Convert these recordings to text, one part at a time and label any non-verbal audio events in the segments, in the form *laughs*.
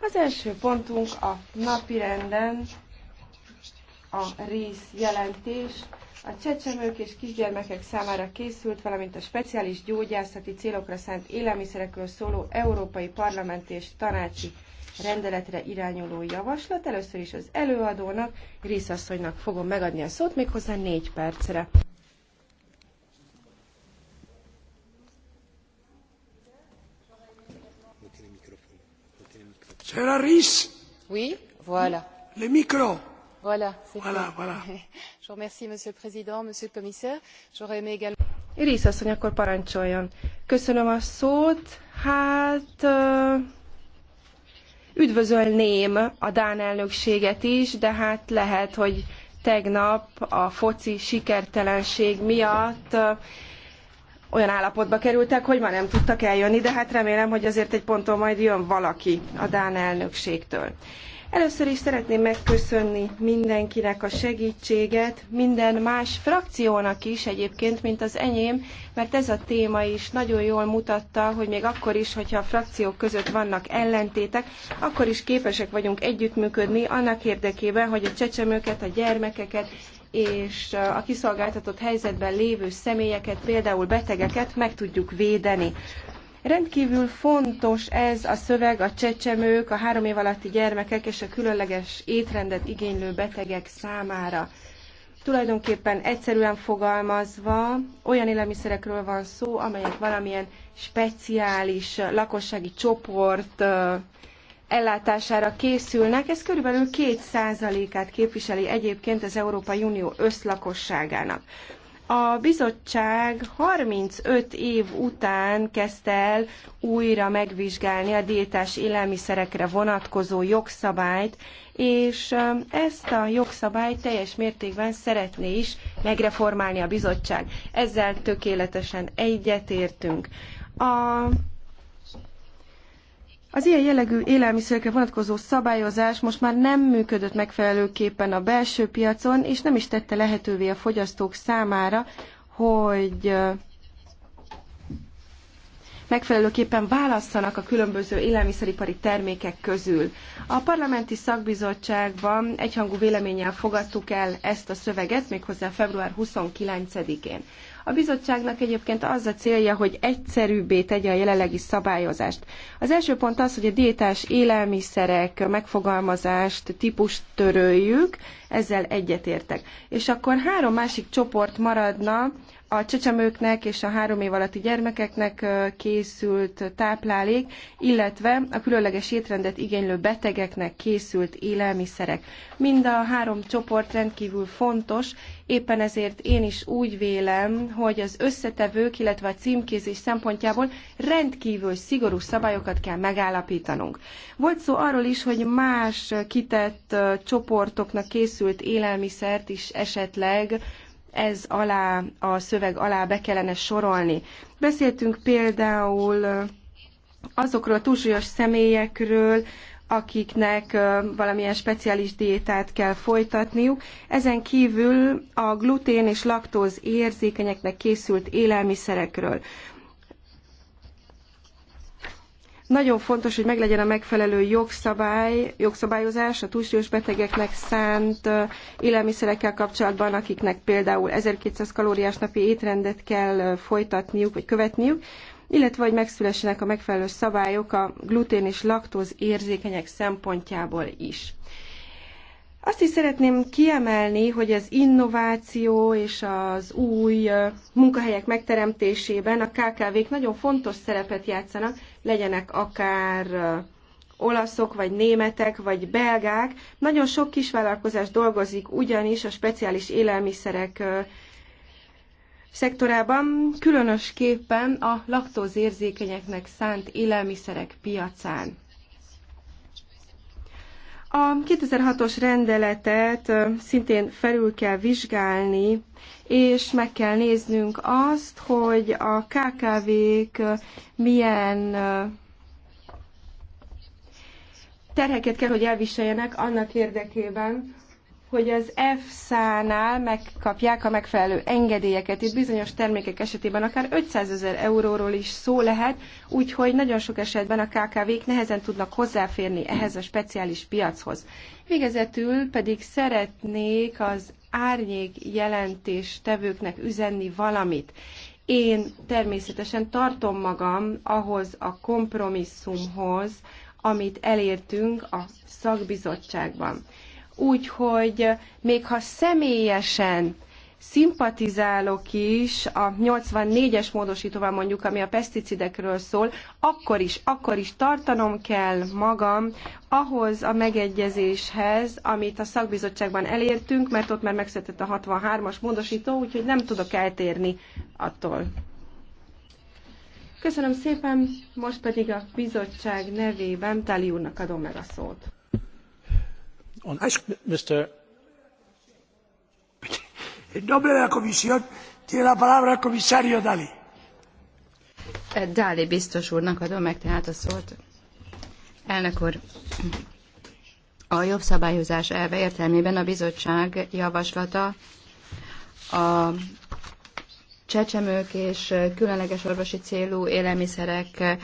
Az első pontunk a napi renden a részjelentés. jelentés. A csecsemők és kisgyermekek számára készült, valamint a speciális gyógyászati célokra szánt élelmiszerekről szóló Európai Parlament és Tanácsi rendeletre irányuló javaslat. Először is az előadónak, Részasszonynak fogom megadni a szót, méghozzá négy percre. Señora Oui, voilà. Le micro. Voilà, voilà, voilà. *laughs* Je vous remercie, Monsieur le Président, Monsieur le Commissaire. J'aurais aimé également... Iris asszony, akkor parancsoljon. Köszönöm a szót. Hát üdvözölném a Dán elnökséget is, de hát lehet, hogy tegnap a foci sikertelenség miatt olyan állapotba kerültek, hogy ma nem tudtak eljönni, de hát remélem, hogy azért egy ponton majd jön valaki a Dán elnökségtől. Először is szeretném megköszönni mindenkinek a segítséget, minden más frakciónak is egyébként, mint az enyém, mert ez a téma is nagyon jól mutatta, hogy még akkor is, hogyha a frakciók között vannak ellentétek, akkor is képesek vagyunk együttműködni annak érdekében, hogy a csecsemőket, a gyermekeket és a kiszolgáltatott helyzetben lévő személyeket, például betegeket meg tudjuk védeni. Rendkívül fontos ez a szöveg a csecsemők, a három év alatti gyermekek és a különleges étrendet igénylő betegek számára. Tulajdonképpen egyszerűen fogalmazva olyan élelmiszerekről van szó, amelyek valamilyen speciális lakossági csoport ellátására készülnek, ez körülbelül 2%-át képviseli egyébként az Európai Unió összlakosságának. A bizottság 35 év után kezdte el újra megvizsgálni a diétás élelmiszerekre vonatkozó jogszabályt, és ezt a jogszabályt teljes mértékben szeretné is megreformálni a bizottság. Ezzel tökéletesen egyetértünk. A az ilyen jellegű élelmiszerekre vonatkozó szabályozás most már nem működött megfelelőképpen a belső piacon, és nem is tette lehetővé a fogyasztók számára, hogy megfelelőképpen válasszanak a különböző élelmiszeripari termékek közül. A parlamenti szakbizottságban egyhangú véleménnyel fogadtuk el ezt a szöveget, méghozzá február 29-én. A bizottságnak egyébként az a célja, hogy egyszerűbbé tegye a jelenlegi szabályozást. Az első pont az, hogy a diétás élelmiszerek megfogalmazást, típust töröljük, ezzel egyetértek. És akkor három másik csoport maradna, a csecsemőknek és a három év alatti gyermekeknek készült táplálék, illetve a különleges étrendet igénylő betegeknek készült élelmiszerek. Mind a három csoport rendkívül fontos, éppen ezért én is úgy vélem, hogy az összetevők, illetve a címkézés szempontjából rendkívül szigorú szabályokat kell megállapítanunk. Volt szó arról is, hogy más kitett csoportoknak készült élelmiszert is esetleg ez alá, a szöveg alá be kellene sorolni. Beszéltünk például azokról a túlsúlyos személyekről, akiknek valamilyen speciális diétát kell folytatniuk. Ezen kívül a glutén és laktóz érzékenyeknek készült élelmiszerekről. Nagyon fontos, hogy meglegyen a megfelelő jogszabály, jogszabályozás a túlsúlyos betegeknek szánt élelmiszerekkel kapcsolatban, akiknek például 1200 kalóriás napi étrendet kell folytatniuk vagy követniük, illetve hogy megszülessenek a megfelelő szabályok a glutén és laktóz érzékenyek szempontjából is. Azt is szeretném kiemelni, hogy az innováció és az új munkahelyek megteremtésében a KKV-k nagyon fontos szerepet játszanak, legyenek akár olaszok, vagy németek, vagy belgák. Nagyon sok kisvállalkozás dolgozik ugyanis a speciális élelmiszerek szektorában, különösképpen a laktózérzékenyeknek szánt élelmiszerek piacán. A 2006-os rendeletet szintén felül kell vizsgálni, és meg kell néznünk azt, hogy a KKV-k milyen terheket kell, hogy elviseljenek annak érdekében, hogy az EFSA-nál megkapják a megfelelő engedélyeket. Itt bizonyos termékek esetében akár 500 ezer euróról is szó lehet, úgyhogy nagyon sok esetben a KKV-k nehezen tudnak hozzáférni ehhez a speciális piachoz. Végezetül pedig szeretnék az árnyék jelentés tevőknek üzenni valamit. Én természetesen tartom magam ahhoz a kompromisszumhoz, amit elértünk a szakbizottságban. Úgyhogy még ha személyesen szimpatizálok is a 84-es módosítóval mondjuk, ami a peszticidekről szól, akkor is, akkor is tartanom kell magam ahhoz a megegyezéshez, amit a szakbizottságban elértünk, mert ott már megszületett a 63-as módosító, úgyhogy nem tudok eltérni attól. Köszönöm szépen, most pedig a bizottság nevében Tali úrnak adom meg a szót on Mr. En nombre de la Comisión tiene la palabra el comisario Dali. Eh, Dali biztos úrnak adom meg tehát a szót. Elnök úr, a jobb szabályozás elve értelmében a bizottság javaslata a csecsemők és különleges orvosi célú élelmiszerekre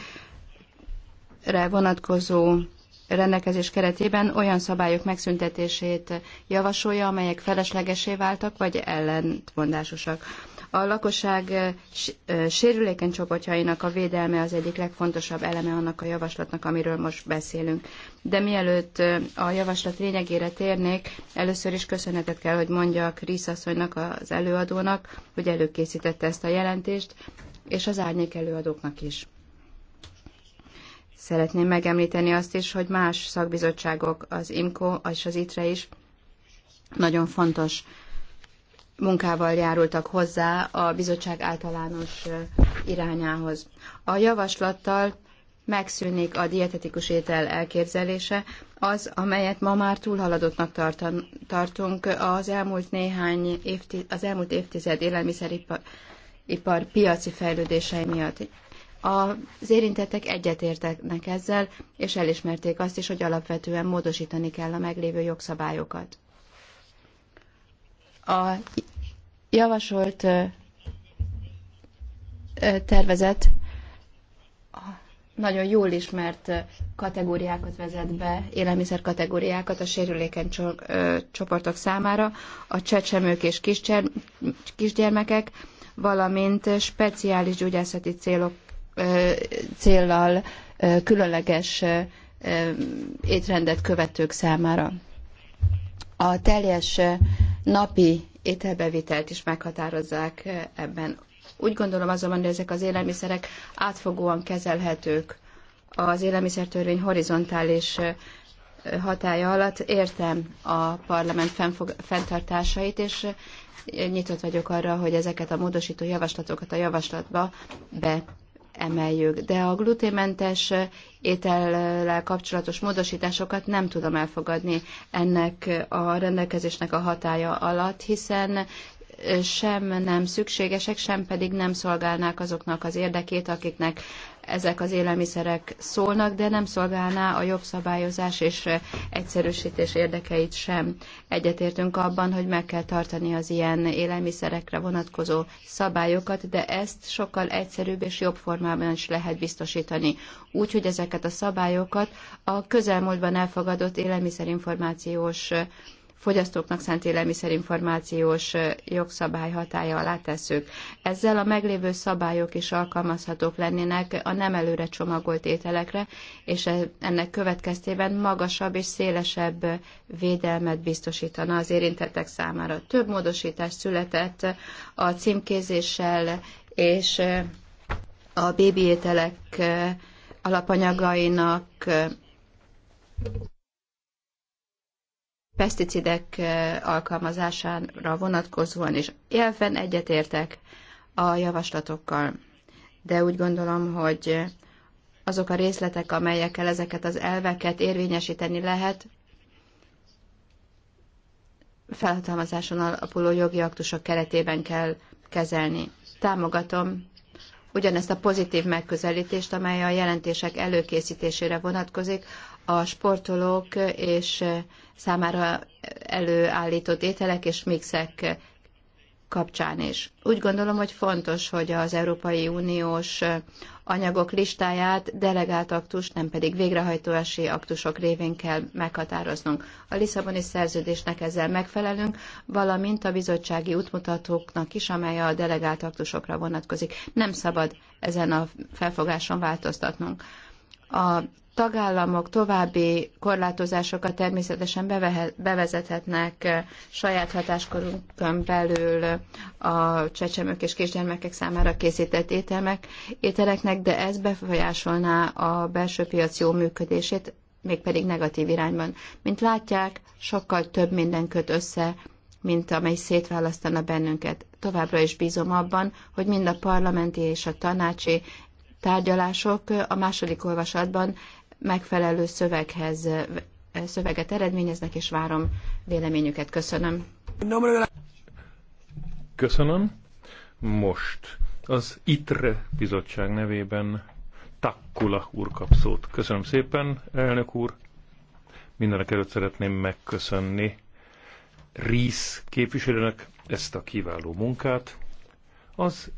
vonatkozó rendelkezés keretében olyan szabályok megszüntetését javasolja, amelyek feleslegesé váltak, vagy ellentmondásosak. A lakosság eh, eh, sérülékeny csoportjainak a védelme az egyik legfontosabb eleme annak a javaslatnak, amiről most beszélünk. De mielőtt eh, a javaslat lényegére térnék, először is köszönetet kell, hogy mondjak Rísz asszonynak, az előadónak, hogy előkészítette ezt a jelentést, és az árnyék előadóknak is. Szeretném megemlíteni azt is, hogy más szakbizottságok, az IMCO és az ITRE is nagyon fontos munkával járultak hozzá a bizottság általános irányához. A javaslattal megszűnik a dietetikus étel elképzelése, az, amelyet ma már túlhaladottnak tartan, tartunk az elmúlt néhány évtized, az elmúlt évtized élelmiszeripar ipar piaci fejlődései miatt. Az érintettek egyetértenek ezzel, és elismerték azt is, hogy alapvetően módosítani kell a meglévő jogszabályokat. A javasolt tervezet nagyon jól ismert kategóriákat vezet be, élelmiszer kategóriákat a sérülékeny csoportok számára, a csecsemők és kisgyermekek, valamint speciális gyógyászati célok céllal különleges étrendet követők számára. A teljes napi ételbevitelt is meghatározzák ebben. Úgy gondolom azonban, hogy ezek az élelmiszerek átfogóan kezelhetők az élelmiszertörvény horizontális hatája alatt. Értem a parlament fenntartásait, és nyitott vagyok arra, hogy ezeket a módosító javaslatokat a javaslatba be emeljük, de a gluténmentes étellel kapcsolatos módosításokat nem tudom elfogadni ennek a rendelkezésnek a hatája alatt, hiszen sem nem szükségesek, sem pedig nem szolgálnák azoknak az érdekét, akiknek ezek az élelmiszerek szólnak, de nem szolgálná a jobb szabályozás és eh, egyszerűsítés érdekeit sem. Egyetértünk abban, hogy meg kell tartani az ilyen élelmiszerekre vonatkozó szabályokat, de ezt sokkal egyszerűbb és jobb formában is lehet biztosítani. Úgy, hogy ezeket a szabályokat a közelmúltban elfogadott élelmiszerinformációs eh, fogyasztóknak szánt élelmiszerinformációs jogszabály hatája alá tesszük. Ezzel a meglévő szabályok is alkalmazhatók lennének a nem előre csomagolt ételekre, és e, ennek következtében magasabb és szélesebb védelmet biztosítana az érintettek számára. Több módosítás született a címkézéssel és a bébi ételek alapanyagainak peszticidek alkalmazására vonatkozóan is elfen egyetértek a javaslatokkal, de úgy gondolom, hogy azok a részletek, amelyekkel ezeket az elveket érvényesíteni lehet, felhatalmazáson alapuló jogi aktusok keretében kell kezelni. Támogatom ugyanezt a pozitív megközelítést, amely a jelentések előkészítésére vonatkozik, a sportolók és számára előállított ételek és mixek kapcsán is. Úgy gondolom, hogy fontos, hogy az Európai Uniós anyagok listáját delegált aktus, nem pedig végrehajtóási aktusok révén kell meghatároznunk. A Lisszaboni szerződésnek ezzel megfelelünk, valamint a bizottsági útmutatóknak is, amely a delegált aktusokra vonatkozik. Nem szabad ezen a felfogáson változtatnunk. A tagállamok további korlátozásokat természetesen bevezethetnek eh, saját hatáskorunkon belül a csecsemők és kisgyermekek számára készített ételmek, ételeknek, de ez befolyásolná a belső piac jó működését, mégpedig negatív irányban. Mint látják, sokkal több minden köt össze, mint amely szétválasztana bennünket. Továbbra is bízom abban, hogy mind a parlamenti és a tanácsi tárgyalások a második olvasatban megfelelő szöveghez, szöveget eredményeznek, és várom véleményüket. Köszönöm. Köszönöm. Most az ITRE bizottság nevében Takkula úr kap szót. Köszönöm szépen, elnök úr. Mindenek előtt szeretném megköszönni Rísz képviselőnek ezt a kiváló munkát. Az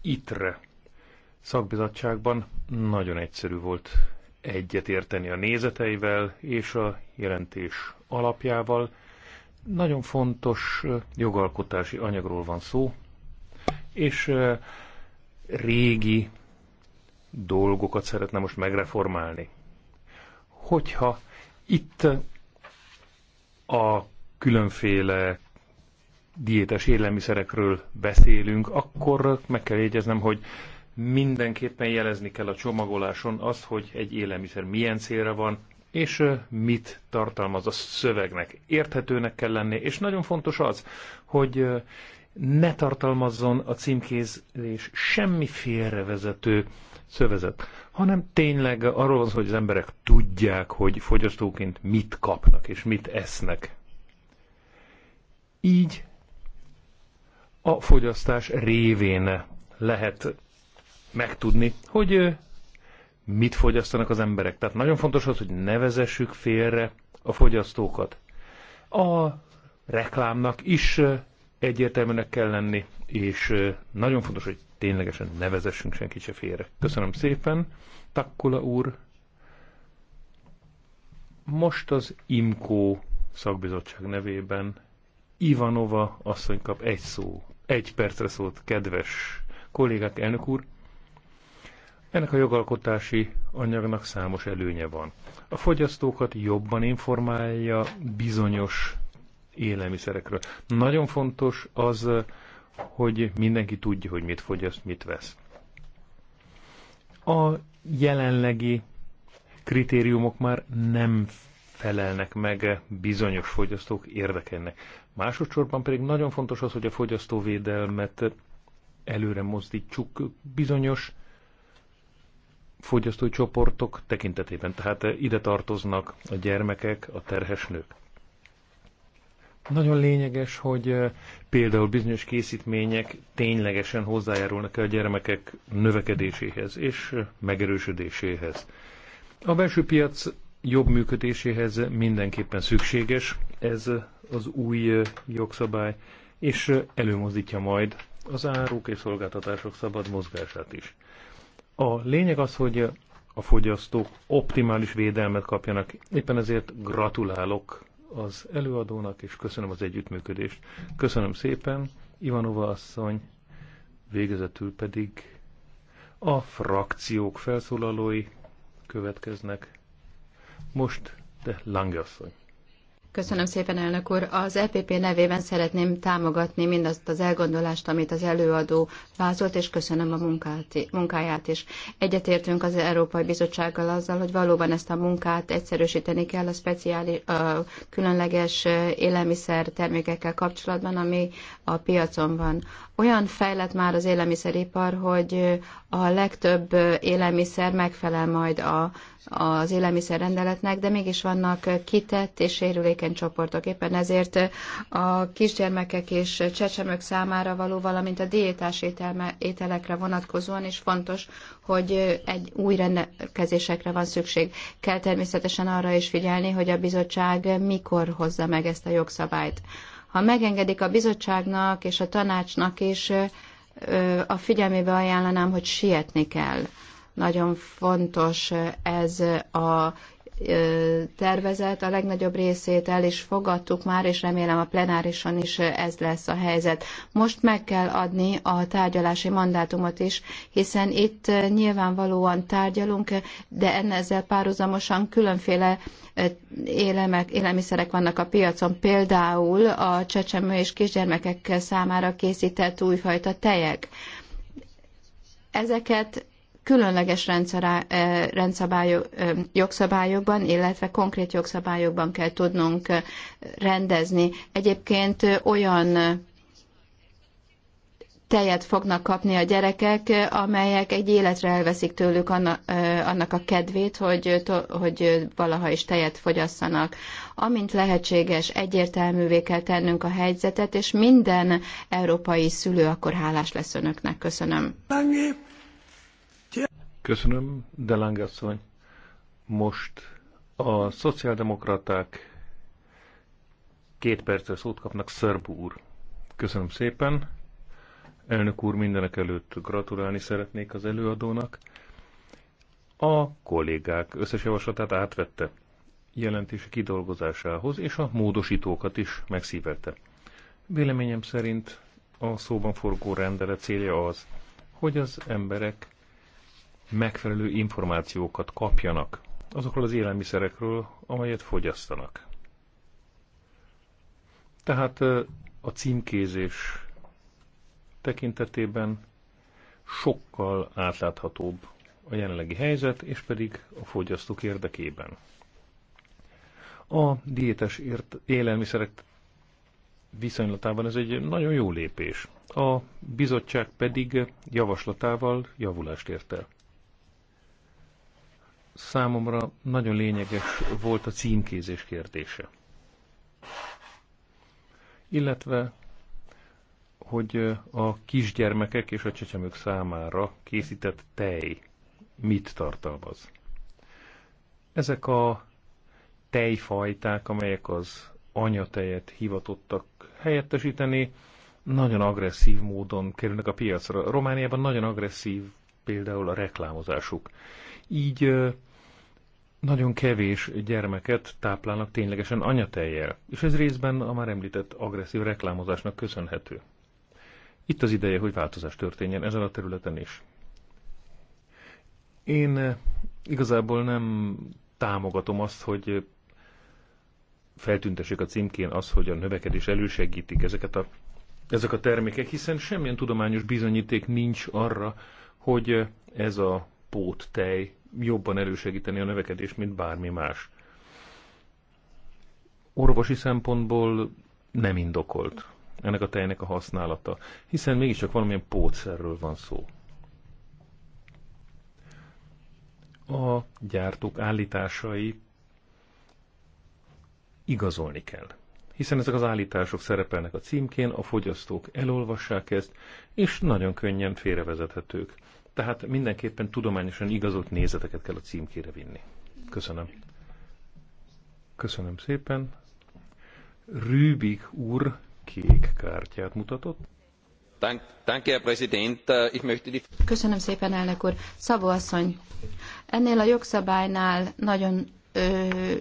ITRE szakbizottságban nagyon egyszerű volt egyet érteni a nézeteivel és a jelentés alapjával. Nagyon fontos jogalkotási anyagról van szó, és régi dolgokat szeretne most megreformálni. Hogyha itt a különféle diétes élelmiszerekről beszélünk, akkor meg kell jegyeznem, hogy mindenképpen jelezni kell a csomagoláson azt, hogy egy élelmiszer milyen célra van, és mit tartalmaz a szövegnek. Érthetőnek kell lenni, és nagyon fontos az, hogy ne tartalmazzon a címkézés semmi félrevezető szövezet, hanem tényleg arról van, hogy az emberek tudják, hogy fogyasztóként mit kapnak és mit esznek. Így a fogyasztás révén lehet megtudni, hogy mit fogyasztanak az emberek. Tehát nagyon fontos az, hogy ne vezessük félre a fogyasztókat. A reklámnak is egyértelműnek kell lenni, és nagyon fontos, hogy ténylegesen ne vezessünk senkit se félre. Köszönöm szépen, Takkula úr. Most az IMKO szakbizottság nevében Ivanova asszony kap egy szó, egy percre szólt, kedves kollégák, elnök úr. Ennek a jogalkotási anyagnak számos előnye van. A fogyasztókat jobban informálja bizonyos élelmiszerekről. Nagyon fontos az, hogy mindenki tudja, hogy mit fogyaszt, mit vesz. A jelenlegi kritériumok már nem felelnek meg bizonyos fogyasztók érdekelnek. Másodszorban pedig nagyon fontos az, hogy a fogyasztóvédelmet előre mozdítsuk bizonyos fogyasztói csoportok tekintetében. Tehát eh, ide tartoznak a gyermekek, a terhes nők. Nagyon lényeges, hogy eh, például bizonyos készítmények ténylegesen hozzájárulnak a gyermekek növekedéséhez és eh, megerősödéséhez. A belső piac jobb működéséhez mindenképpen szükséges ez az új jogszabály, és előmozdítja majd az áruk és szolgáltatások szabad mozgását is. A lényeg az, hogy a fogyasztók optimális védelmet kapjanak. Éppen ezért gratulálok az előadónak, és köszönöm az együttműködést. Köszönöm szépen, Ivanova asszony, végezetül pedig a frakciók felszólalói következnek. Most te Lange asszony. Köszönöm szépen, elnök úr. Az EPP nevében szeretném támogatni mindazt az elgondolást, amit az előadó vázolt, és köszönöm a munkát, munkáját is. Egyetértünk az Európai Bizottsággal azzal, hogy valóban ezt a munkát egyszerűsíteni kell a speciális, a különleges élelmiszer termékekkel kapcsolatban, ami a piacon van. Olyan fejlett már az élelmiszeripar, hogy a legtöbb élelmiszer megfelel majd a az élelmiszerrendeletnek, de mégis vannak kitett és sérülékeny csoportok. Éppen ezért a kisgyermekek és csecsemők számára való, valamint a diétás ételme, ételekre vonatkozóan is fontos, hogy egy új rendelkezésekre van szükség. Kell természetesen arra is figyelni, hogy a bizottság mikor hozza meg ezt a jogszabályt. Ha megengedik a bizottságnak és a tanácsnak is, a figyelmébe ajánlanám, hogy sietni kell nagyon fontos ez a tervezet, a legnagyobb részét el is fogadtuk már, és remélem a plenárison is ez lesz a helyzet. Most meg kell adni a tárgyalási mandátumot is, hiszen itt nyilvánvalóan tárgyalunk, de ezzel párhuzamosan különféle élemek, élelmiszerek vannak a piacon, például a csecsemő és kisgyermekek számára készített újfajta tejek. Ezeket különleges eh, rendszabályok, eh, jogszabályokban, illetve konkrét jogszabályokban kell tudnunk eh, rendezni. Egyébként olyan tejet fognak kapni a gyerekek, amelyek egy életre elveszik tőlük annak a kedvét, hogy, hogy valaha is tejet fogyasszanak. Amint lehetséges, egyértelművé kell tennünk a helyzetet, és minden európai szülő akkor hálás lesz önöknek. Köszönöm. Köszönöm, Delangasszony. Most a szociáldemokraták két percre szót kapnak Szerb úr. Köszönöm szépen. Elnök úr, mindenek előtt gratulálni szeretnék az előadónak. A kollégák összes javaslatát átvette jelentése kidolgozásához, és a módosítókat is megszívelte. Véleményem szerint a szóban forgó rendelet célja az, hogy az emberek megfelelő információkat kapjanak azokról az élelmiszerekről, amelyet fogyasztanak. Tehát a címkézés tekintetében sokkal átláthatóbb a jelenlegi helyzet, és pedig a fogyasztók érdekében. A diétes élelmiszerek viszonylatában ez egy nagyon jó lépés. A bizottság pedig javaslatával javulást ért el. Számomra nagyon lényeges volt a címkézés kérdése. Illetve, hogy a kisgyermekek és a csecsemők számára készített tej mit tartalmaz. Ezek a tejfajták, amelyek az anyatejet hivatottak helyettesíteni, nagyon agresszív módon kerülnek a piacra. Romániában nagyon agresszív például a reklámozásuk. Így nagyon kevés gyermeket táplálnak ténylegesen anyateljel, és ez részben a már említett agresszív reklámozásnak köszönhető. Itt az ideje, hogy változás történjen ezen a területen is. Én igazából nem támogatom azt, hogy feltüntessék a címkén az, hogy a növekedés elősegítik ezeket a, ezek a termékek, hiszen semmilyen tudományos bizonyíték nincs arra, hogy ez a tej jobban elősegíteni a növekedést, mint bármi más. Orvosi szempontból nem indokolt ennek a tejnek a használata, hiszen mégiscsak valamilyen pótszerről van szó. A gyártók állításai igazolni kell. Hiszen ezek az állítások szerepelnek a címkén, a fogyasztók elolvassák ezt, és nagyon könnyen félrevezethetők. Tehát mindenképpen tudományosan igazolt nézeteket kell a címkére vinni. Köszönöm. Köszönöm szépen. Rübik úr kék kártyát mutatott. Köszönöm szépen, elnök úr. Szabó asszony, ennél a jogszabálynál nagyon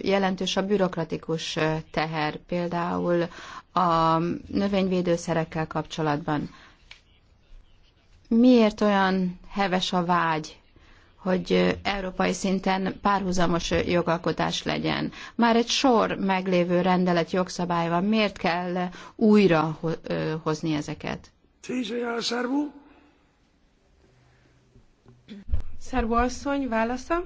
jelentős a bürokratikus teher, például a növényvédőszerekkel kapcsolatban miért olyan heves a vágy, hogy európai szinten párhuzamos jogalkotás legyen. Már egy sor meglévő rendelet jogszabály van, miért kell újra hozni ezeket? Szervó asszony, válasza?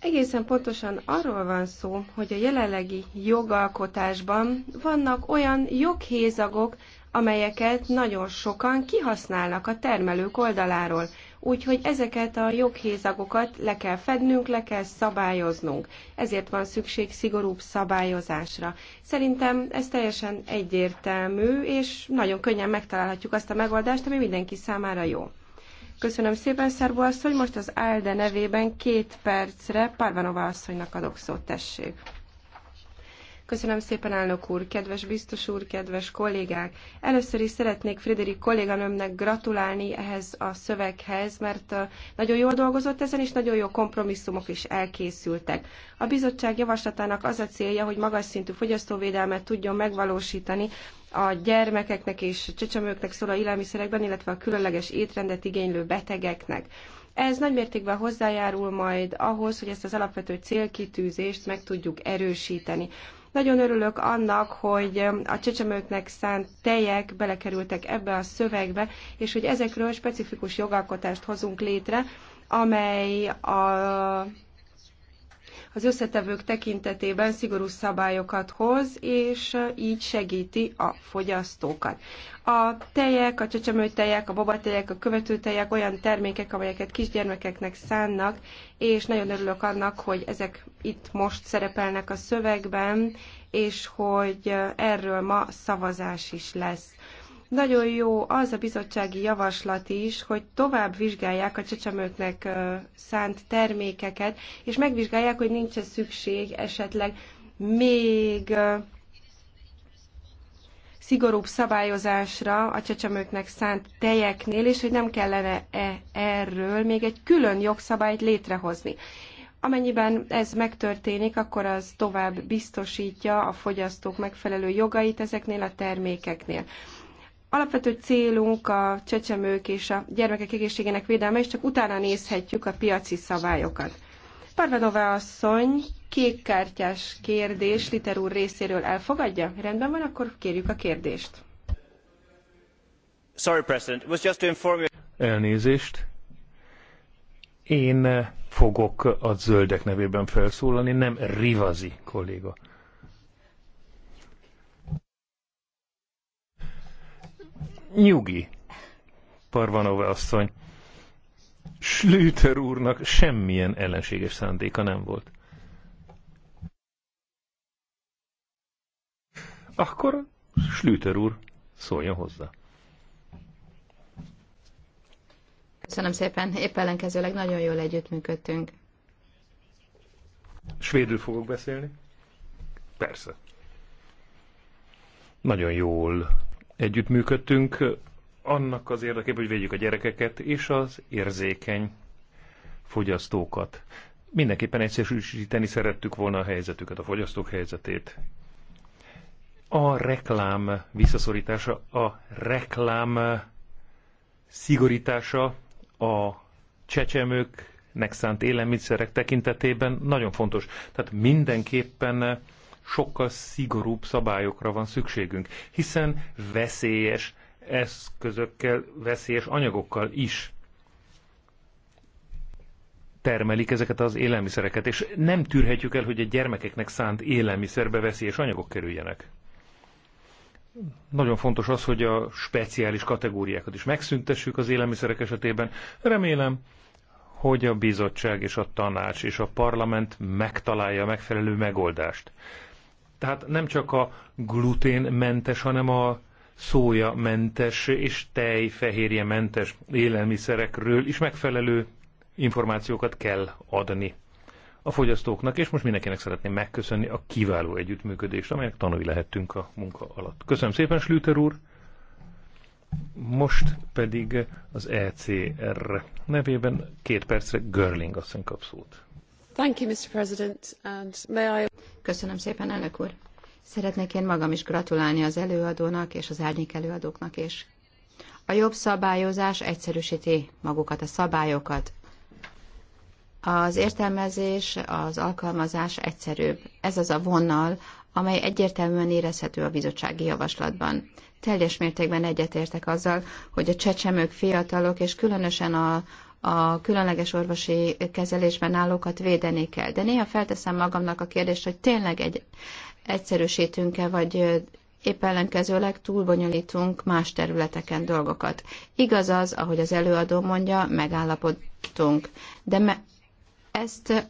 Egészen pontosan arról van szó, hogy a jelenlegi jogalkotásban vannak olyan joghézagok, amelyeket nagyon sokan kihasználnak a termelők oldaláról. Úgyhogy ezeket a joghézagokat le kell fednünk, le kell szabályoznunk. Ezért van szükség szigorúbb szabályozásra. Szerintem ez teljesen egyértelmű, és nagyon könnyen megtalálhatjuk azt a megoldást, ami mindenki számára jó. Köszönöm szépen, Szerbo asszony, most az ALDE nevében két percre Parvanova asszonynak adok szót, tessék. Köszönöm szépen, elnök úr, kedves biztos úr, kedves kollégák! Először is szeretnék Friderik kolléganőmnek gratulálni ehhez a szöveghez, mert nagyon jól dolgozott ezen, és nagyon jó kompromisszumok is elkészültek. A bizottság javaslatának az a célja, hogy magas szintű fogyasztóvédelmet tudjon megvalósítani, a gyermekeknek és csecsemőknek szóló élelmiszerekben, illetve a különleges étrendet igénylő betegeknek. Ez nagymértékben hozzájárul majd ahhoz, hogy ezt az alapvető célkitűzést meg tudjuk erősíteni. Nagyon örülök annak, hogy a csecsemőknek szánt tejek belekerültek ebbe a szövegbe, és hogy ezekről specifikus jogalkotást hozunk létre, amely a az összetevők tekintetében szigorú szabályokat hoz, és így segíti a fogyasztókat. A tejek, a tejek, a babatejek, a követő tejek olyan termékek, amelyeket kisgyermekeknek szánnak, és nagyon örülök annak, hogy ezek itt most szerepelnek a szövegben, és hogy erről ma szavazás is lesz. Nagyon jó az a bizottsági javaslat is, hogy tovább vizsgálják a csecsemőknek szánt termékeket, és megvizsgálják, hogy nincs -e szükség esetleg még szigorúbb szabályozásra a csecsemőknek szánt tejeknél, és hogy nem kellene -e erről még egy külön jogszabályt létrehozni. Amennyiben ez megtörténik, akkor az tovább biztosítja a fogyasztók megfelelő jogait ezeknél a termékeknél. Alapvető célunk a csecsemők és a gyermekek egészségének védelme, és csak utána nézhetjük a piaci szabályokat. Parvanova asszony, kékkártyás kérdés Liter úr részéről elfogadja? Rendben van, akkor kérjük a kérdést. Sorry, President. was just to inform you... Elnézést. Én fogok a zöldek nevében felszólalni, nem Rivazi kolléga. Nyugi, Parvanova asszony. Schlüter úrnak semmilyen ellenséges szándéka nem volt. Akkor Schlüter úr szóljon hozzá. Köszönöm szépen, épp ellenkezőleg nagyon jól együttműködtünk. Svédül fogok beszélni? Persze. Nagyon jól együttműködtünk annak az érdekében, hogy védjük a gyerekeket és az érzékeny fogyasztókat. Mindenképpen egyszerűsíteni szerettük volna a helyzetüket, a fogyasztók helyzetét. A reklám visszaszorítása, a reklám szigorítása a csecsemőknek szánt élelmiszerek tekintetében nagyon fontos. Tehát mindenképpen sokkal szigorúbb szabályokra van szükségünk, hiszen veszélyes eszközökkel, veszélyes anyagokkal is termelik ezeket az élelmiszereket, és nem tűrhetjük el, hogy a gyermekeknek szánt élelmiszerbe veszélyes anyagok kerüljenek. Nagyon fontos az, hogy a speciális kategóriákat is megszüntessük az élelmiszerek esetében. Remélem, hogy a bizottság és a tanács és a parlament megtalálja a megfelelő megoldást. Tehát nem csak a gluténmentes, hanem a mentes és mentes élelmiszerekről is megfelelő információkat kell adni a fogyasztóknak, és most mindenkinek szeretném megköszönni a kiváló együttműködést, amelyek tanulni lehettünk a munka alatt. Köszönöm szépen, Slüter úr! Most pedig az ECR nevében két percre Görling asszony kap szót. Köszönöm szépen, Szeretnék én magam is gratulálni az előadónak és az árnyék előadóknak is. A jobb szabályozás egyszerűsíti magukat a szabályokat. Az értelmezés, az alkalmazás egyszerűbb. Ez az a vonal, amely egyértelműen érezhető a bizottsági javaslatban. Teljes mértékben egyetértek azzal, hogy a csecsemők, fiatalok és különösen a, a különleges orvosi kezelésben állókat védeni kell. De néha felteszem magamnak a kérdést, hogy tényleg egy egyszerűsítünk-e, vagy épp ellenkezőleg túlbonyolítunk más területeken dolgokat. Igaz az, ahogy az előadó mondja, megállapodtunk, de me- ezt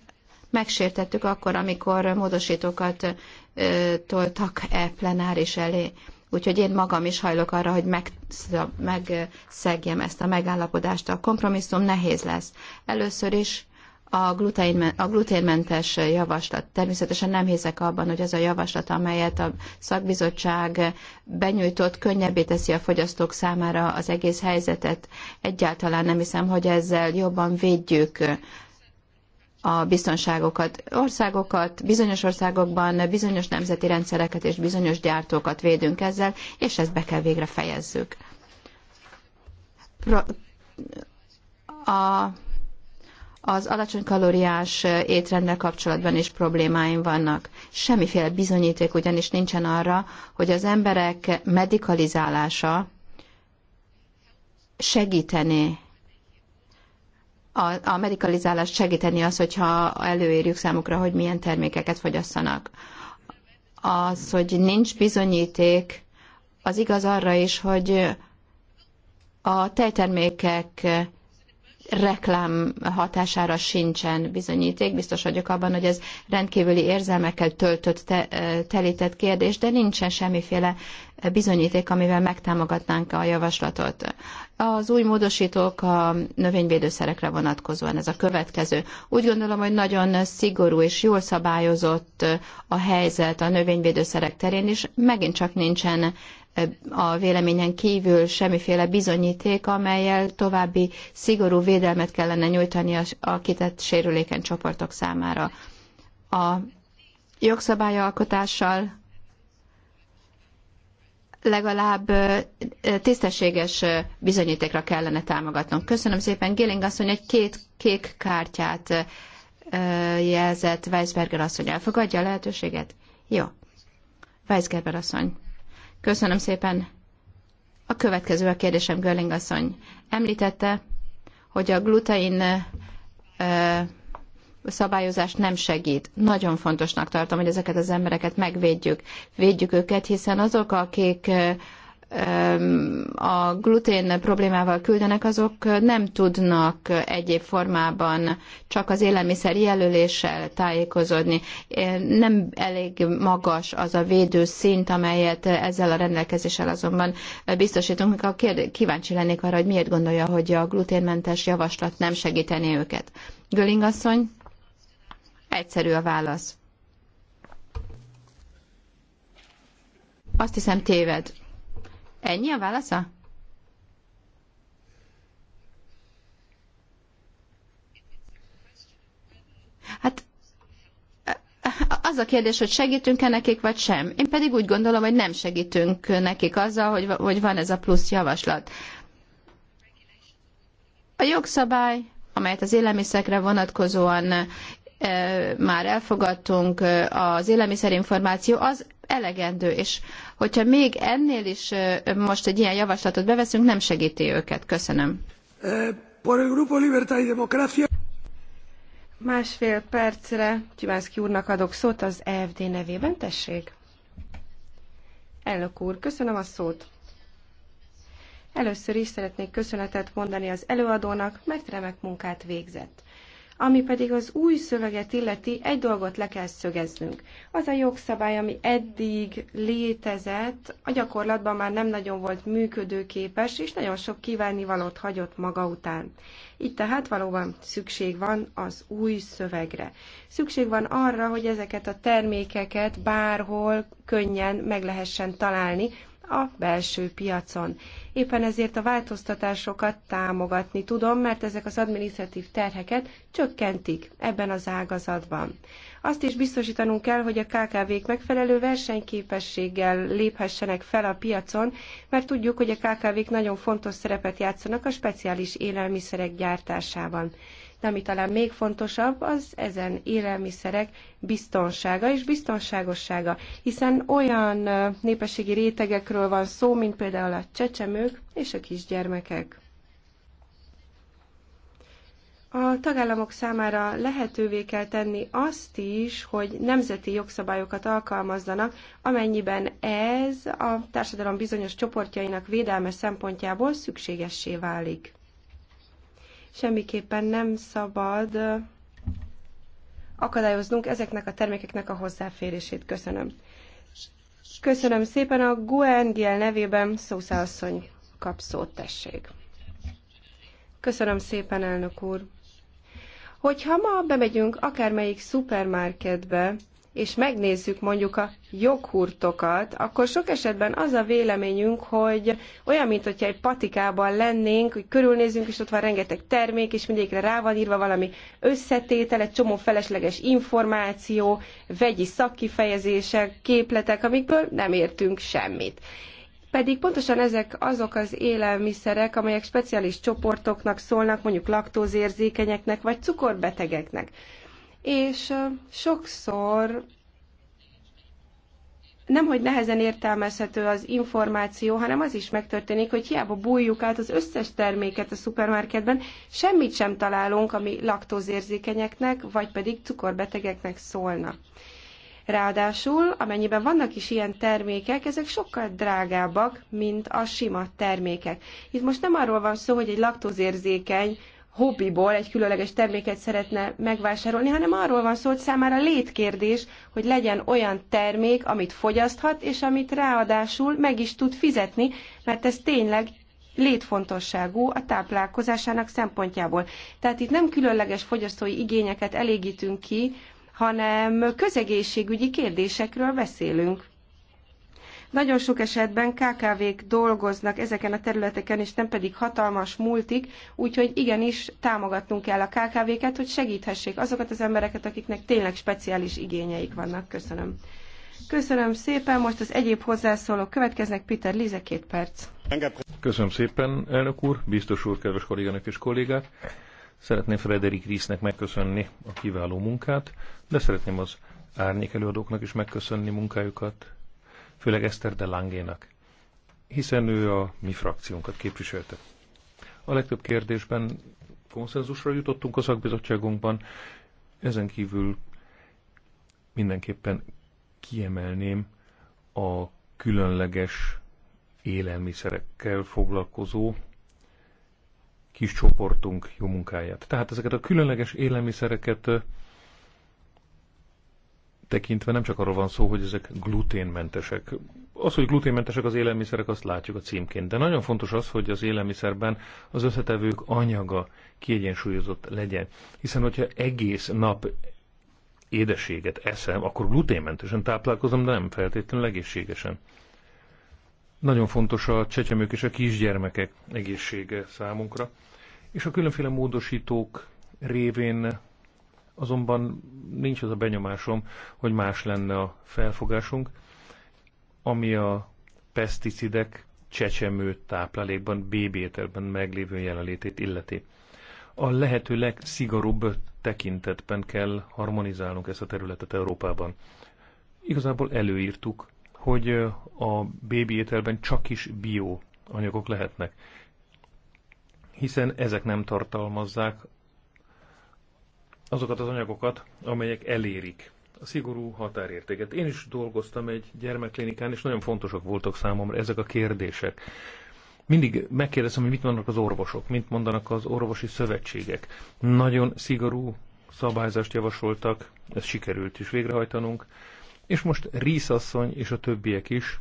megsértettük akkor, amikor módosítókat ö, toltak e plenáris elé. Úgyhogy én magam is hajlok arra, hogy megszegjem ezt a megállapodást. A kompromisszum nehéz lesz. Először is a, a gluténmentes javaslat. Természetesen nem hiszek abban, hogy ez a javaslat, amelyet a szakbizottság benyújtott, könnyebbé teszi a fogyasztók számára az egész helyzetet. Egyáltalán nem hiszem, hogy ezzel jobban védjük a biztonságokat. Országokat, bizonyos országokban bizonyos nemzeti rendszereket és bizonyos gyártókat védünk ezzel, és ezt be kell végre fejezzük. A, az alacsony kalóriás étrendel kapcsolatban is problémáim vannak. Semmiféle bizonyíték ugyanis nincsen arra, hogy az emberek medikalizálása segítené a, a medikalizálást segíteni az, hogyha előérjük számukra, hogy milyen termékeket fogyasszanak. Az, hogy nincs bizonyíték, az igaz arra is, hogy a tejtermékek reklám hatására sincsen bizonyíték. Biztos vagyok abban, hogy ez rendkívüli érzelmekkel töltött, te, telített kérdés, de nincsen semmiféle bizonyíték, amivel megtámogatnánk a javaslatot. Az új módosítók a növényvédőszerekre vonatkozóan ez a következő. Úgy gondolom, hogy nagyon szigorú és jól szabályozott a helyzet a növényvédőszerek terén és Megint csak nincsen a véleményen kívül semmiféle bizonyíték, amelyel további szigorú védelmet kellene nyújtani a kitett sérüléken csoportok számára. A jogszabályalkotással legalább tisztességes bizonyítékra kellene támogatnunk. Köszönöm szépen. Géling asszony egy két kék kártyát jelzett Weisberger asszony. Elfogadja a lehetőséget? Jó. Weisberger asszony. Köszönöm szépen. A következő a kérdésem, Görling asszony. Említette, hogy a glutein ö, szabályozás nem segít. Nagyon fontosnak tartom, hogy ezeket az embereket megvédjük. Védjük őket, hiszen azok, akik a glutén problémával küldenek, azok nem tudnak egyéb formában csak az élelmiszer jelöléssel tájékozódni. Nem elég magas az a védő szint, amelyet ezzel a rendelkezéssel azonban biztosítunk. A kérd- kíváncsi lennék arra, hogy miért gondolja, hogy a gluténmentes javaslat nem segíteni őket. Göling asszony, egyszerű a válasz. Azt hiszem téved. Ennyi a válasza? Hát az a kérdés, hogy segítünk-e nekik, vagy sem. Én pedig úgy gondolom, hogy nem segítünk nekik azzal, hogy, hogy van ez a plusz javaslat. A jogszabály, amelyet az élelmiszerekre vonatkozóan eh, már elfogadtunk, eh, az élelmiszerinformáció, az elegendő, és hogyha még ennél is most egy ilyen javaslatot beveszünk, nem segíti őket. Köszönöm. Eh, por el Grupo Libertad y Democracia. Másfél percre Csibánszki úrnak adok szót az EFD nevében, tessék. Elnök úr, köszönöm a szót. Először is szeretnék köszönetet mondani az előadónak, mert remek munkát végzett. Ami pedig az új szöveget illeti, egy dolgot le kell szögeznünk. Az a jogszabály, ami eddig létezett, a gyakorlatban már nem nagyon volt működőképes, és nagyon sok kívánivalót hagyott maga után. Itt tehát valóban szükség van az új szövegre. Szükség van arra, hogy ezeket a termékeket bárhol könnyen meg lehessen találni, a belső piacon. Éppen ezért a változtatásokat támogatni tudom, mert ezek az adminisztratív terheket csökkentik ebben az ágazatban. Azt is biztosítanunk kell, hogy a KKV-k megfelelő versenyképességgel léphessenek fel a piacon, mert tudjuk, hogy a KKV-k nagyon fontos szerepet játszanak a speciális élelmiszerek gyártásában de ami talán még fontosabb, az ezen élelmiszerek biztonsága és biztonságossága, hiszen olyan népességi rétegekről van szó, mint például a csecsemők és a kisgyermekek. A tagállamok számára lehetővé kell tenni azt is, hogy nemzeti jogszabályokat alkalmazzanak, amennyiben ez a társadalom bizonyos csoportjainak védelme szempontjából szükségessé válik semmiképpen nem szabad akadályoznunk ezeknek a termékeknek a hozzáférését. Köszönöm. Köszönöm szépen a Guengiel nevében Szószá asszony kap szót, tessék. Köszönöm szépen, elnök úr. Hogyha ma bemegyünk akármelyik szupermarketbe, és megnézzük mondjuk a joghurtokat, akkor sok esetben az a véleményünk, hogy olyan, mint hogyha egy patikában lennénk, hogy körülnézünk, és ott van rengeteg termék, és mindegyikre rá van írva valami összetétel, egy csomó felesleges információ, vegyi szakkifejezések, képletek, amikből nem értünk semmit. Pedig pontosan ezek azok az élelmiszerek, amelyek speciális csoportoknak szólnak, mondjuk laktózérzékenyeknek vagy cukorbetegeknek és sokszor nem, hogy nehezen értelmezhető az információ, hanem az is megtörténik, hogy hiába bújjuk át az összes terméket a szupermarketben, semmit sem találunk, ami laktózérzékenyeknek, vagy pedig cukorbetegeknek szólna. Ráadásul, amennyiben vannak is ilyen termékek, ezek sokkal drágábbak, mint a sima termékek. Itt most nem arról van szó, hogy egy laktózérzékeny hobbiból egy különleges terméket szeretne megvásárolni, hanem arról van szó, hogy számára létkérdés, hogy legyen olyan termék, amit fogyaszthat, és amit ráadásul meg is tud fizetni, mert ez tényleg létfontosságú a táplálkozásának szempontjából. Tehát itt nem különleges fogyasztói igényeket elégítünk ki, hanem közegészségügyi kérdésekről beszélünk. Nagyon sok esetben KKV-k dolgoznak ezeken a területeken, és nem pedig hatalmas multik, úgyhogy igenis támogatnunk kell a KKV-ket, hogy segíthessék azokat az embereket, akiknek tényleg speciális igényeik vannak. Köszönöm. Köszönöm szépen, most az egyéb hozzászólók következnek. Peter Lize, két perc. Köszönöm szépen, elnök úr, biztos úr, kedves kolléganek és kollégák. Szeretném Frederik Riesnek megköszönni a kiváló munkát, de szeretném az árnyék előadóknak is megköszönni munkájukat, főleg Eszter de Langénak, hiszen ő a mi frakciónkat képviselte. A legtöbb kérdésben konszenzusra jutottunk a szakbizottságunkban, ezen kívül mindenképpen kiemelném a különleges élelmiszerekkel foglalkozó kis csoportunk jó munkáját. Tehát ezeket a különleges élelmiszereket tekintve nem csak arról van szó, hogy ezek gluténmentesek. Az, hogy gluténmentesek az élelmiszerek, azt látjuk a címként, de nagyon fontos az, hogy az élelmiszerben az összetevők anyaga kiegyensúlyozott legyen. Hiszen, hogyha egész nap édeséget eszem, akkor gluténmentesen táplálkozom, de nem feltétlenül egészségesen. Nagyon fontos a csecsemők és a kisgyermekek egészsége számunkra, és a különféle módosítók révén azonban nincs az a benyomásom, hogy más lenne a felfogásunk, ami a peszticidek csecsemő táplálékban, bébételben meglévő jelenlétét illeti. A lehető legszigorúbb tekintetben kell harmonizálnunk ezt a területet Európában. Igazából előírtuk, hogy a bébételben csak is bio anyagok lehetnek, hiszen ezek nem tartalmazzák azokat az anyagokat, amelyek elérik a szigorú határértéket. Én is dolgoztam egy gyermekklinikán, és nagyon fontosak voltak számomra ezek a kérdések. Mindig megkérdezem, hogy mit mondanak az orvosok, mit mondanak az orvosi szövetségek. Nagyon szigorú szabályzást javasoltak, ez sikerült is végrehajtanunk, és most asszony és a többiek is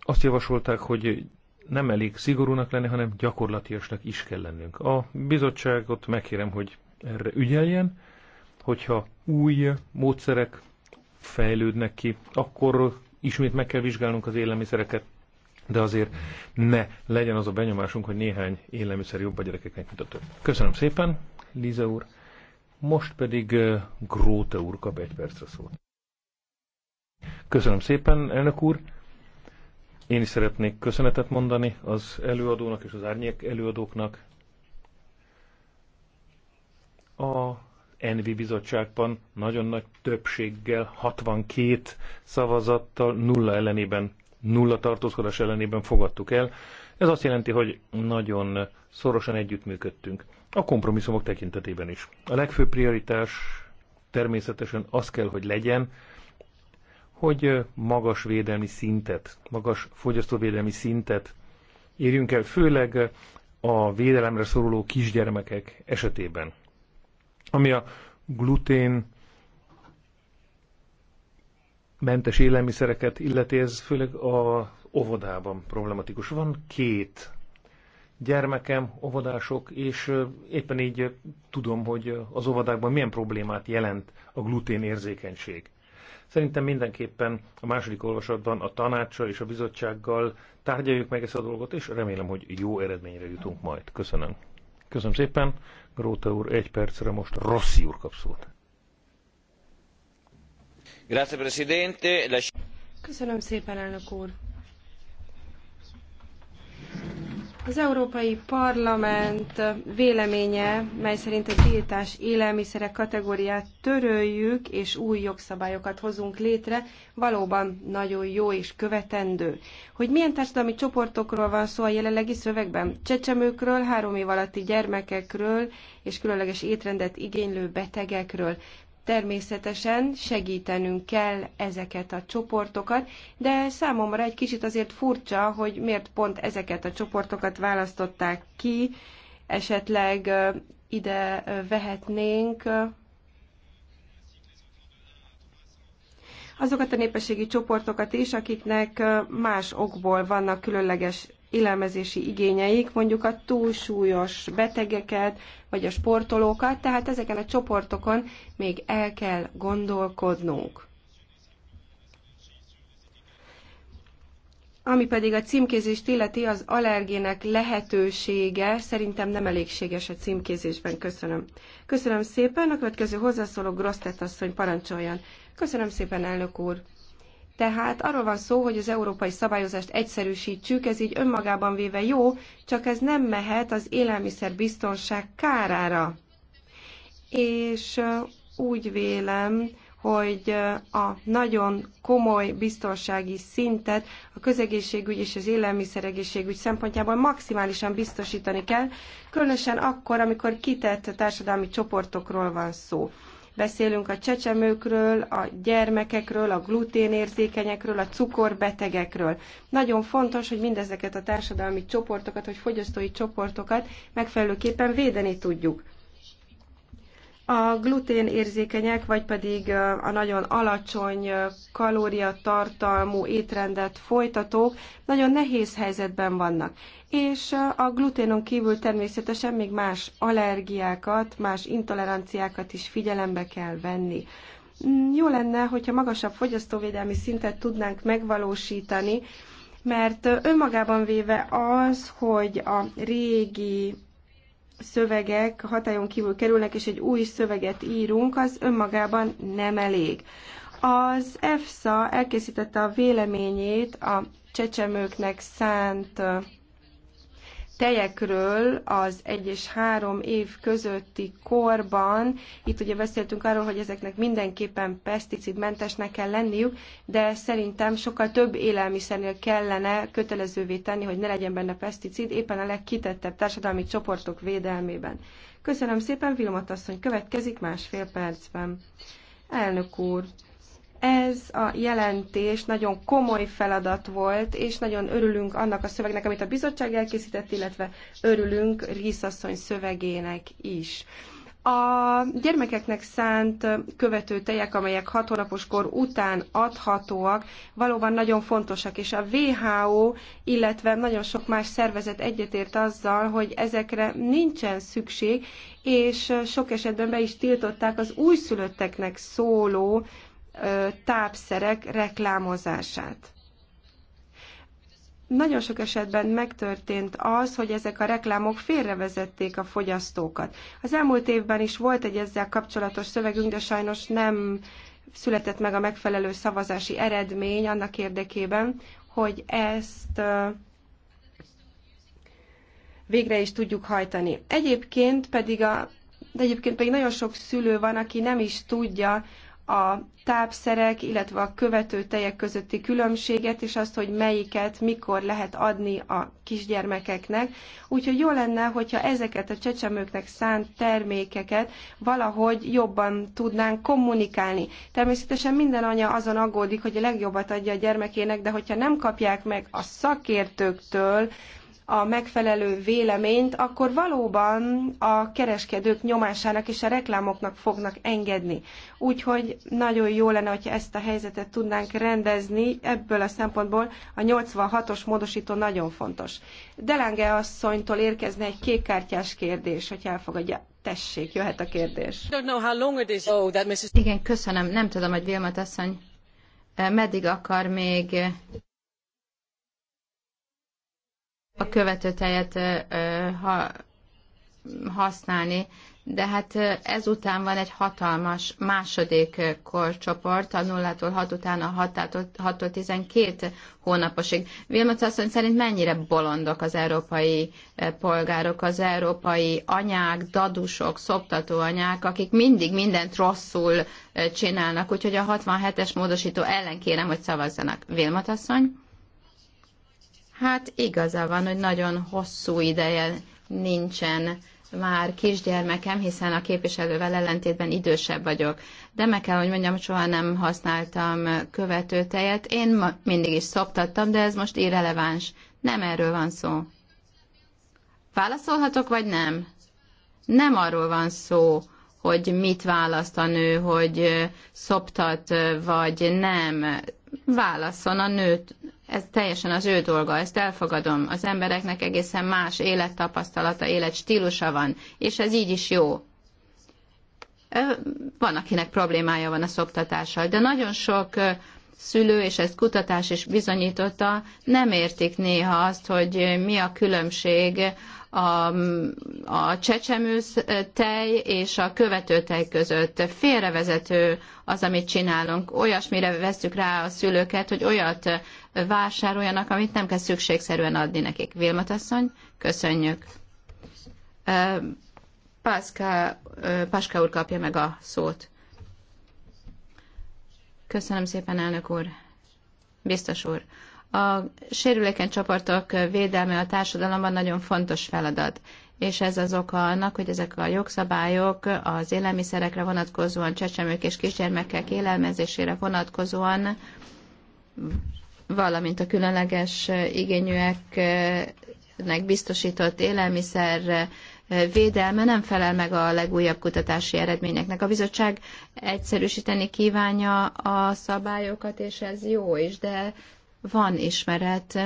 azt javasolták, hogy nem elég szigorúnak lenni, hanem gyakorlatiasnak is kell lennünk. A bizottságot megkérem, hogy erre ügyeljen, hogyha új módszerek fejlődnek ki, akkor ismét meg kell vizsgálnunk az élelmiszereket, de azért ne legyen az a benyomásunk, hogy néhány élelmiszer jobb a gyerekeknek, mint a több. Köszönöm szépen, Líze úr. Most pedig Gróta úr kap egy percre szót. Köszönöm szépen, elnök úr. Én is szeretnék köszönetet mondani az előadónak és az árnyék előadóknak a Envi bizottságban nagyon nagy többséggel, 62 szavazattal, nulla ellenében, nulla tartózkodás ellenében fogadtuk el. Ez azt jelenti, hogy nagyon szorosan együttműködtünk. A kompromisszumok tekintetében is. A legfőbb prioritás természetesen az kell, hogy legyen, hogy magas védelmi szintet, magas fogyasztóvédelmi szintet érjünk el, főleg a védelemre szoruló kisgyermekek esetében ami a glutén mentes élelmiszereket illeti, ez főleg a óvodában problematikus. Van két gyermekem, óvodások, és éppen így tudom, hogy az óvodákban milyen problémát jelent a glutén érzékenység. Szerintem mindenképpen a második olvasatban a tanácsa és a bizottsággal tárgyaljuk meg ezt a dolgot, és remélem, hogy jó eredményre jutunk majd. Köszönöm. Köszönöm szépen. Gróta úr, egy percre most Rossi úr kap szót. Köszönöm szépen, elnök úr. Az Európai Parlament véleménye, mely szerint a tiltás élelmiszerek kategóriát töröljük és új jogszabályokat hozunk létre, valóban nagyon jó és követendő. Hogy milyen társadalmi csoportokról van szó a jelenlegi szövegben? Csecsemőkről, három év alatti gyermekekről és különleges étrendet igénylő betegekről. Természetesen segítenünk kell ezeket a csoportokat, de számomra egy kicsit azért furcsa, hogy miért pont ezeket a csoportokat választották ki, esetleg ide vehetnénk azokat a népességi csoportokat is, akiknek más okból vannak különleges élelmezési igényeik, mondjuk a túlsúlyos betegeket, vagy a sportolókat, tehát ezeken a csoportokon még el kell gondolkodnunk. Ami pedig a címkézést illeti, az allergének lehetősége szerintem nem elégséges a címkézésben. Köszönöm. Köszönöm szépen. A következő hozzászóló Grosztet asszony parancsoljon. Köszönöm szépen, elnök úr. Tehát arról van szó, hogy az európai szabályozást egyszerűsítsük, ez így önmagában véve jó, csak ez nem mehet az élelmiszerbiztonság kárára. És úgy vélem, hogy a nagyon komoly biztonsági szintet a közegészségügy és az élelmiszeregészségügy szempontjából maximálisan biztosítani kell, különösen akkor, amikor kitett társadalmi csoportokról van szó. Beszélünk a csecsemőkről, a gyermekekről, a gluténérzékenyekről, a cukorbetegekről. Nagyon fontos, hogy mindezeket a társadalmi csoportokat, vagy fogyasztói csoportokat megfelelőképpen védeni tudjuk a gluténérzékenyek, vagy pedig a nagyon alacsony kalóriatartalmú étrendet folytatók nagyon nehéz helyzetben vannak. És a gluténon kívül természetesen még más allergiákat, más intoleranciákat is figyelembe kell venni. Mm, jó lenne, hogyha magasabb fogyasztóvédelmi szintet tudnánk megvalósítani, mert önmagában véve az, hogy a régi szövegek hatályon kívül kerülnek, és egy új szöveget írunk, az önmagában nem elég. Az EFSA elkészítette a véleményét a csecsemőknek szánt tejekről az 1 és 3 év közötti korban. Itt ugye beszéltünk arról, hogy ezeknek mindenképpen peszticidmentesnek kell lenniük, de szerintem sokkal több élelmiszernél kellene kötelezővé tenni, hogy ne legyen benne peszticid, éppen a legkitettebb társadalmi csoportok védelmében. Köszönöm szépen, Vilmat asszony következik másfél percben. Elnök úr, ez a jelentés nagyon komoly feladat volt, és nagyon örülünk annak a szövegnek, amit a bizottság elkészített, illetve örülünk Rízasszony szövegének is. A gyermekeknek szánt követő tejek, amelyek hat hónapos kor után adhatóak, valóban nagyon fontosak, és a WHO, illetve nagyon sok más szervezet egyetért azzal, hogy ezekre nincsen szükség, és sok esetben be is tiltották az újszülötteknek szóló tápszerek reklámozását. Nagyon sok esetben megtörtént az, hogy ezek a reklámok félrevezették a fogyasztókat. Az elmúlt évben is volt egy ezzel kapcsolatos szövegünk, de sajnos nem született meg a megfelelő szavazási eredmény annak érdekében, hogy ezt végre is tudjuk hajtani. Egyébként pedig a de egyébként pedig nagyon sok szülő van, aki nem is tudja, a tápszerek, illetve a követő tejek közötti különbséget, és azt, hogy melyiket mikor lehet adni a kisgyermekeknek. Úgyhogy jó lenne, hogyha ezeket a csecsemőknek szánt termékeket valahogy jobban tudnánk kommunikálni. Természetesen minden anya azon aggódik, hogy a legjobbat adja a gyermekének, de hogyha nem kapják meg a szakértőktől, a megfelelő véleményt, akkor valóban a kereskedők nyomásának és a reklámoknak fognak engedni. Úgyhogy nagyon jó lenne, hogyha ezt a helyzetet tudnánk rendezni, ebből a szempontból a 86-os módosító nagyon fontos. Delange asszonytól érkezne egy kékkártyás kérdés, hogy elfogadja. Tessék, jöhet a kérdés. Oh, Igen, köszönöm. Nem tudom, hogy Vilmat asszony eh, meddig akar még eh, a követőtejet ha, használni, de hát ezután van egy hatalmas második korcsoport, a 0-tól 6 után a 6-tól 12 hónaposig. Vilmot asszony szerint mennyire bolondok az európai polgárok, az európai anyák, dadusok, szoptatóanyák, akik mindig mindent rosszul csinálnak, úgyhogy a 67-es módosító ellen kérem, hogy szavazzanak. Vilmot asszony? Hát igaza van, hogy nagyon hosszú ideje nincsen már kisgyermekem, hiszen a képviselővel ellentétben idősebb vagyok. De meg kell, hogy mondjam, soha nem használtam követőtejet. Én mindig is szoptattam, de ez most irreleváns. Nem erről van szó. Válaszolhatok, vagy nem? Nem arról van szó, hogy mit választ a nő, hogy szoptat, vagy nem. Válaszol a nőt, ez teljesen az ő dolga, ezt elfogadom. Az embereknek egészen más élettapasztalata, életstílusa van, és ez így is jó. Van, akinek problémája van a szoptatással, de nagyon sok szülő, és ezt kutatás is bizonyította, nem értik néha azt, hogy mi a különbség a, a csecsemősz tej és a követőtej között. Félrevezető az, amit csinálunk. Olyasmire veszük rá a szülőket, hogy olyat vásároljanak, amit nem kell szükségszerűen adni nekik. Vilmat asszony, köszönjük. Pászka, Paska úr kapja meg a szót. Köszönöm szépen, elnök úr. Biztos úr. A sérülékeny csoportok védelme a társadalomban nagyon fontos feladat és ez az oka annak, hogy ezek a jogszabályok az élelmiszerekre vonatkozóan, csecsemők és kisgyermekek élelmezésére vonatkozóan, valamint a különleges igényűeknek biztosított élelmiszer védelme nem felel meg a legújabb kutatási eredményeknek. A bizottság egyszerűsíteni kívánja a szabályokat, és ez jó is, de van ismeret,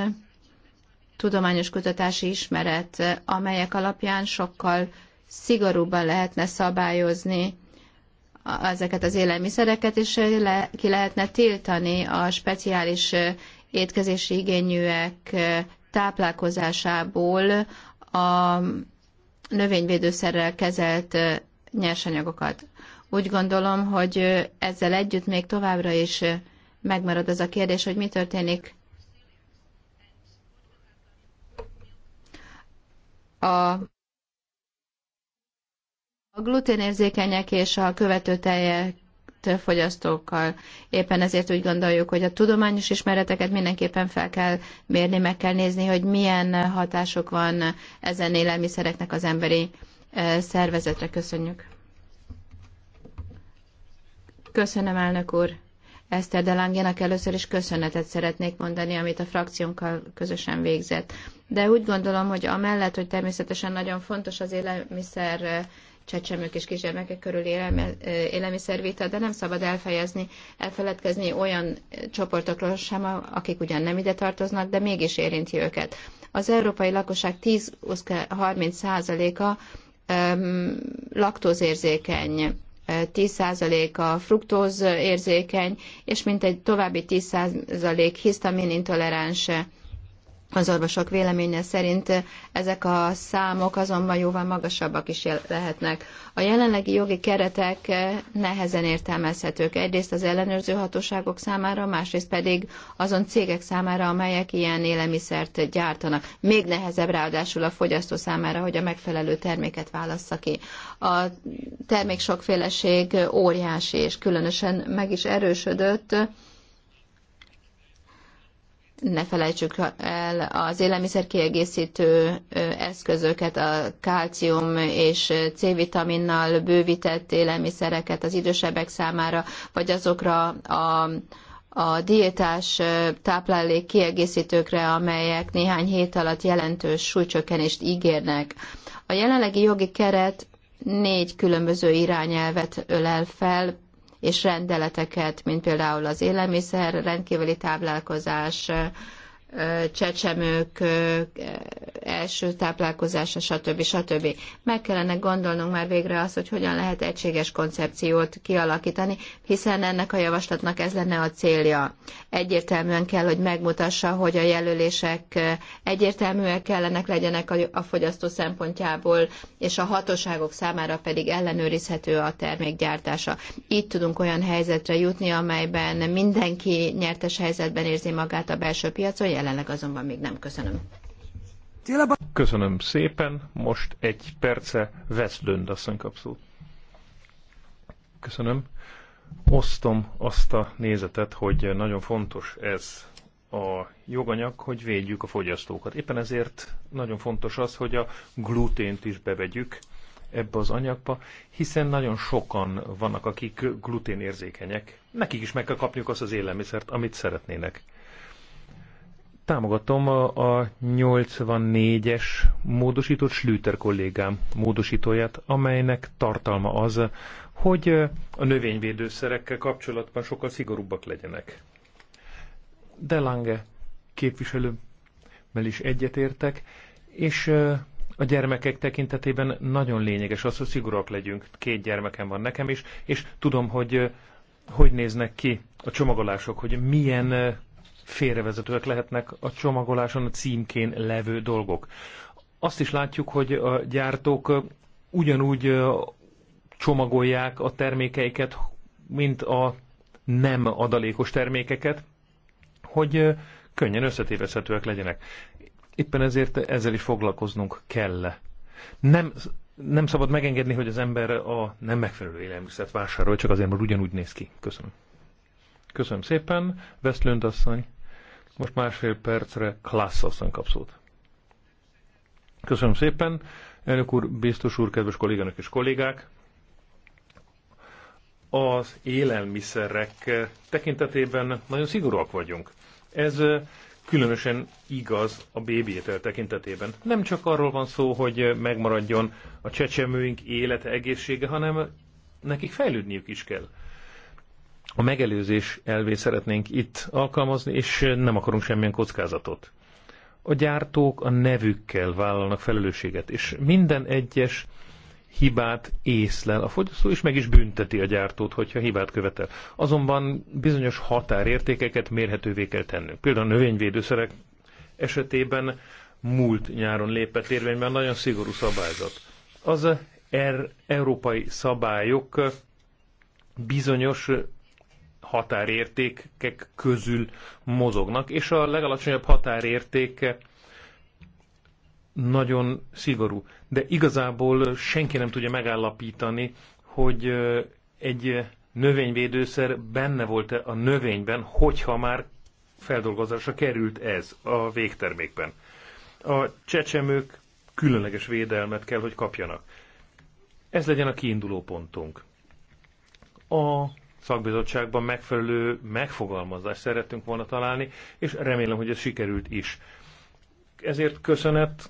tudományos kutatási ismeret, amelyek alapján sokkal szigorúbban lehetne szabályozni ezeket az élelmiszereket, és le, ki lehetne tiltani a speciális étkezési igényűek táplálkozásából a növényvédőszerrel kezelt nyersanyagokat. Úgy gondolom, hogy ezzel együtt még továbbra is megmarad az a kérdés, hogy mi történik a a gluténérzékenyek és a követő tejet fogyasztókkal. Éppen ezért úgy gondoljuk, hogy a tudományos ismereteket mindenképpen fel kell mérni, meg kell nézni, hogy milyen hatások van ezen élelmiszereknek az emberi e, szervezetre. Köszönjük. Köszönöm, elnök úr. Eszter de Langenak először is köszönetet szeretnék mondani, amit a frakciónkkal közösen végzett. De úgy gondolom, hogy amellett, hogy természetesen nagyon fontos az élelmiszer eh, csecsemők és kisgyermekek körül eh, élelmiszervétel, de nem szabad elfejezni, elfeledkezni olyan eh, csoportokról sem, akik ugyan nem ide tartoznak, de mégis érinti őket. Az európai lakosság 10-30 százaléka laktózérzékeny 10%-a fruktóz érzékeny, és mintegy további 10% hisztamin intoleráns az orvosok véleménye szerint ezek a számok azonban jóval magasabbak is lehetnek. A jelenlegi jogi keretek nehezen értelmezhetők. Egyrészt az ellenőrző hatóságok számára, másrészt pedig azon cégek számára, amelyek ilyen élelmiszert gyártanak. Még nehezebb ráadásul a fogyasztó számára, hogy a megfelelő terméket válassza ki. A termék sokféleség óriási, és különösen meg is erősödött ne felejtsük el az élelmiszerkiegészítő eszközöket, a kalcium és C-vitaminnal bővített élelmiszereket az idősebbek számára, vagy azokra a a diétás táplálék kiegészítőkre, amelyek néhány hét alatt jelentős súlycsökkenést ígérnek. A jelenlegi jogi keret négy különböző irányelvet ölel fel, és rendeleteket, mint például az élelmiszer rendkívüli táplálkozás, csecsemők első táplálkozása, stb. stb. Meg kellene gondolnunk már végre azt, hogy hogyan lehet egységes koncepciót kialakítani, hiszen ennek a javaslatnak ez lenne a célja. Egyértelműen kell, hogy megmutassa, hogy a jelölések egyértelműek kellenek legyenek a fogyasztó szempontjából, és a hatóságok számára pedig ellenőrizhető a termék gyártása. Így tudunk olyan helyzetre jutni, amelyben mindenki nyertes helyzetben érzi magát a belső piacon, jelenleg azonban még nem. Köszönöm. Köszönöm szépen. Most egy perce Veszlönd a kapszul. Köszönöm. Osztom azt a nézetet, hogy nagyon fontos ez a joganyag, hogy védjük a fogyasztókat. Éppen ezért nagyon fontos az, hogy a glutént is bevegyük ebbe az anyagba, hiszen nagyon sokan vannak, akik gluténérzékenyek. Nekik is meg kell kapniuk azt az élelmiszert, amit szeretnének. Támogatom a 84-es módosított Schlüter kollégám módosítóját, amelynek tartalma az, hogy a növényvédőszerekkel kapcsolatban sokkal szigorúbbak legyenek. De Lange képviselőmmel is egyetértek, és a gyermekek tekintetében nagyon lényeges az, hogy szigorúak legyünk. Két gyermekem van nekem is, és tudom, hogy hogy néznek ki a csomagolások, hogy milyen félrevezetőek lehetnek a csomagoláson, a címkén levő dolgok. Azt is látjuk, hogy a gyártók ugyanúgy csomagolják a termékeiket, mint a nem adalékos termékeket, hogy könnyen összetévezhetőek legyenek. Éppen ezért ezzel is foglalkoznunk kell. Nem, nem szabad megengedni, hogy az ember a nem megfelelő élelmiszert vásárol, csak azért, mert ugyanúgy néz ki. Köszönöm. Köszönöm szépen, Veszlőnd asszony. Most másfél percre klasszasszony kap Köszönöm szépen, elnök úr, biztos úr, kedves kolléganök és kollégák! Az élelmiszerek tekintetében nagyon szigorúak vagyunk. Ez különösen igaz a bébiétel tekintetében. Nem csak arról van szó, hogy megmaradjon a csecsemőink élete, egészsége, hanem nekik fejlődniük is kell a megelőzés elvé szeretnénk itt alkalmazni, és nem akarunk semmilyen kockázatot. A gyártók a nevükkel vállalnak felelősséget, és minden egyes hibát észlel a fogyasztó, és meg is bünteti a gyártót, hogyha hibát követel. Azonban bizonyos határértékeket mérhetővé kell tennünk. Például a növényvédőszerek esetében múlt nyáron lépett érvényben nagyon szigorú szabályzat. Az er, európai szabályok bizonyos határértékek közül mozognak, és a legalacsonyabb határértéke nagyon szigorú. De igazából senki nem tudja megállapítani, hogy egy növényvédőszer benne volt-e a növényben, hogyha már feldolgozásra került ez a végtermékben. A csecsemők különleges védelmet kell, hogy kapjanak. Ez legyen a kiinduló pontunk. A szakbizottságban megfelelő megfogalmazást szerettünk volna találni, és remélem, hogy ez sikerült is. Ezért köszönet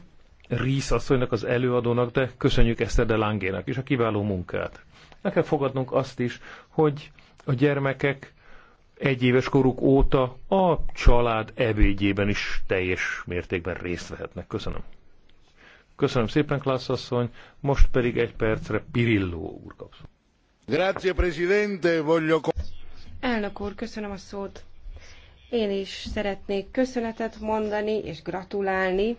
Rísz asszonynak, az előadónak, de köszönjük Eszter de Langének is a kiváló munkát. El kell fogadnunk azt is, hogy a gyermekek egyéves koruk óta a család ebédjében is teljes mértékben részt vehetnek. Köszönöm. Köszönöm szépen, Klász asszony. Most pedig egy percre Pirilló úr kapszol. Elnök úr, köszönöm a szót. Én is szeretnék köszönetet mondani és gratulálni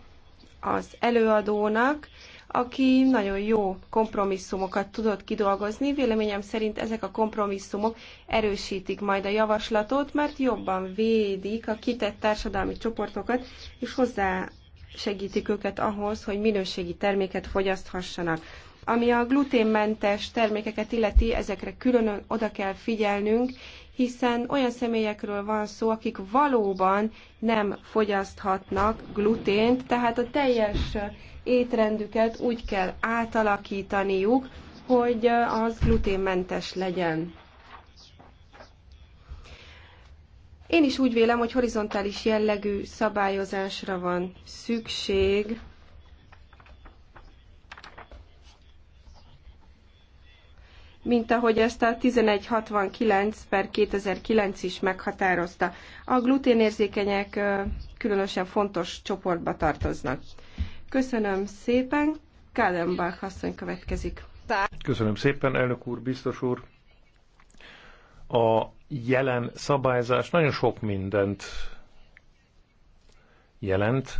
az előadónak, aki nagyon jó kompromisszumokat tudott kidolgozni. Véleményem szerint ezek a kompromisszumok erősítik majd a javaslatot, mert jobban védik a kitett társadalmi csoportokat, és hozzá segítik őket ahhoz, hogy minőségi terméket fogyaszthassanak. Ami a gluténmentes termékeket illeti, ezekre külön oda kell figyelnünk, hiszen olyan személyekről van szó, akik valóban nem fogyaszthatnak glutént, tehát a teljes étrendüket úgy kell átalakítaniuk, hogy az gluténmentes legyen. Én is úgy vélem, hogy horizontális jellegű szabályozásra van szükség, mint ahogy ezt a 1169 per 2009 is meghatározta. A gluténérzékenyek különösen fontos csoportba tartoznak. Köszönöm szépen, Kádenbach asszony következik. Köszönöm szépen, elnök úr, biztos úr. A jelen szabályzás nagyon sok mindent jelent,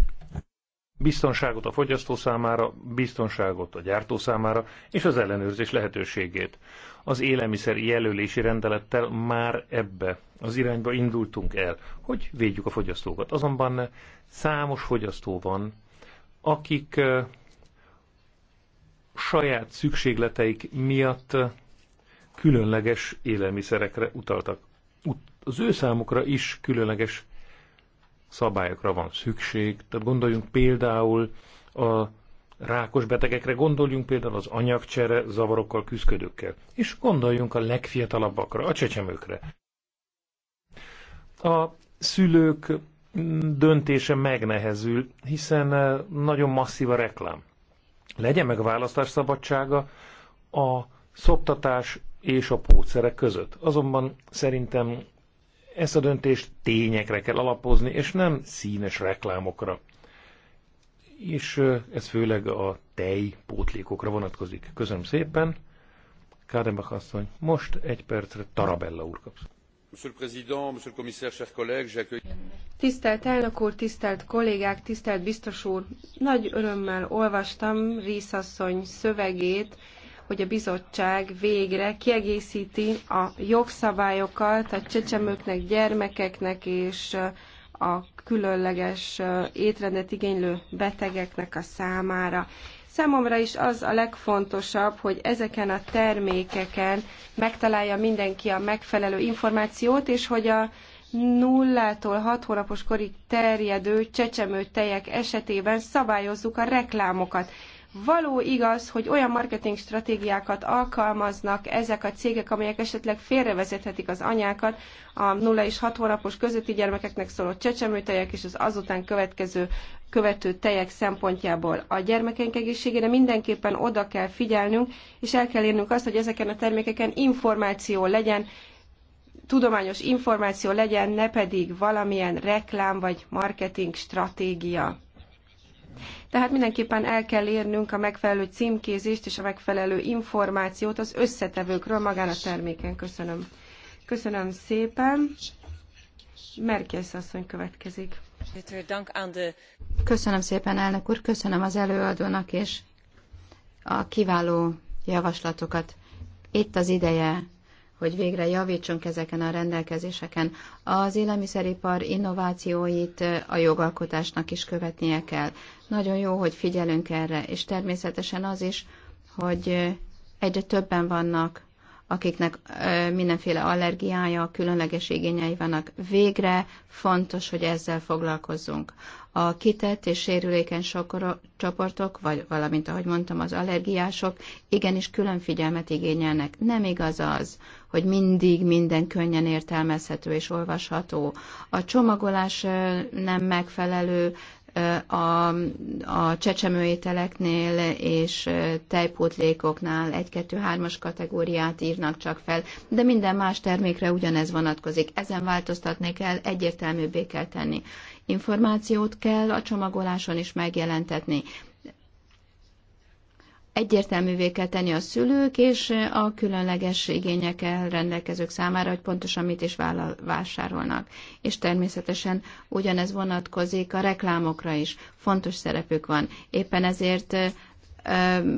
biztonságot a fogyasztó számára, biztonságot a gyártó számára, és az ellenőrzés lehetőségét. Az élelmiszer jelölési rendelettel már ebbe az irányba indultunk el, hogy védjük a fogyasztókat. Azonban számos fogyasztó van, akik saját szükségleteik miatt különleges élelmiszerekre utaltak. Az ő számukra is különleges szabályokra van szükség. Tehát gondoljunk például a rákos betegekre, gondoljunk például az anyagcsere zavarokkal küzdködőkkel, és gondoljunk a legfiatalabbakra, a csecsemőkre. A szülők döntése megnehezül, hiszen eh, nagyon masszív a reklám. Legyen meg választás szabadsága a szoptatás és a pótszerek között. Azonban szerintem ezt a döntést tényekre kell alapozni, és nem színes reklámokra. És ez főleg a tej pótlékokra vonatkozik. Köszönöm szépen. Kádenbach asszony, most egy percre Tarabella úr kapsz. Tisztelt elnök úr, tisztelt kollégák, tisztelt biztos úr! Nagy örömmel olvastam Rész asszony szövegét, hogy a bizottság végre kiegészíti a jogszabályokat a csecsemőknek, gyermekeknek és a különleges étrendet igénylő betegeknek a számára. Számomra is az a legfontosabb, hogy ezeken a termékeken megtalálja mindenki a megfelelő információt, és hogy a nullától hat hónapos korig terjedő csecsemőtejek esetében szabályozzuk a reklámokat. Való igaz, hogy olyan marketing stratégiákat alkalmaznak ezek a cégek, amelyek esetleg félrevezethetik az anyákat a 0 és 6 hónapos közötti gyermekeknek szóló csecsemőtejek és az azután következő követő tejek szempontjából. A gyermekeink egészségére mindenképpen oda kell figyelnünk, és el kell érnünk azt, hogy ezeken a termékeken információ legyen, tudományos információ legyen, ne pedig valamilyen reklám vagy marketing stratégia. Tehát mindenképpen el kell érnünk a megfelelő címkézést és a megfelelő információt az összetevőkről magán a terméken. Köszönöm. Köszönöm szépen. Merkész asszony következik. Köszönöm szépen, elnök úr, köszönöm az előadónak és a kiváló javaslatokat. Itt az ideje, hogy végre javítsunk ezeken a rendelkezéseken. Az élelmiszeripar innovációit a jogalkotásnak is követnie kell. Nagyon jó, hogy figyelünk erre, és természetesen az is, hogy egyre többen vannak, akiknek mindenféle allergiája, különleges igényei vannak. Végre fontos, hogy ezzel foglalkozzunk. A kitett és sérülékeny csoportok, vagy valamint, ahogy mondtam, az allergiások igenis külön figyelmet igényelnek. Nem igaz az, hogy mindig minden könnyen értelmezhető és olvasható. A csomagolás nem megfelelő, a, a csecsemőételeknél és tejpótlékoknál 1-2-3-as kategóriát írnak csak fel, de minden más termékre ugyanez vonatkozik. Ezen változtatni kell, egyértelműbbé kell tenni. Információt kell a csomagoláson is megjelentetni egyértelművé kell tenni a szülők és a különleges igényekkel rendelkezők számára, hogy pontosan mit is vállal, vásárolnak. És természetesen ugyanez vonatkozik a reklámokra is. Fontos szerepük van. Éppen ezért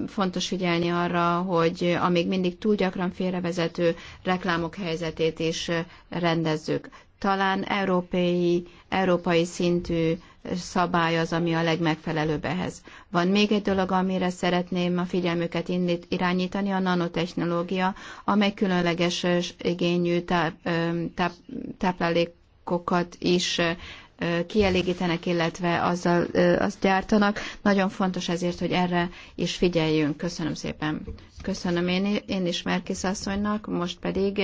fontos figyelni arra, hogy a még mindig túl gyakran félrevezető reklámok helyzetét is rendezzük. Talán európai, európai szintű szabály az, ami a legmegfelelőbb ehhez. Van még egy dolog, amire szeretném a figyelmüket irányítani, a nanotechnológia, amely különleges igényű táplálékokat is kielégítenek, illetve azzal azt gyártanak. Nagyon fontos ezért, hogy erre is figyeljünk. Köszönöm szépen. Köszönöm én, én is Merkis asszonynak, most pedig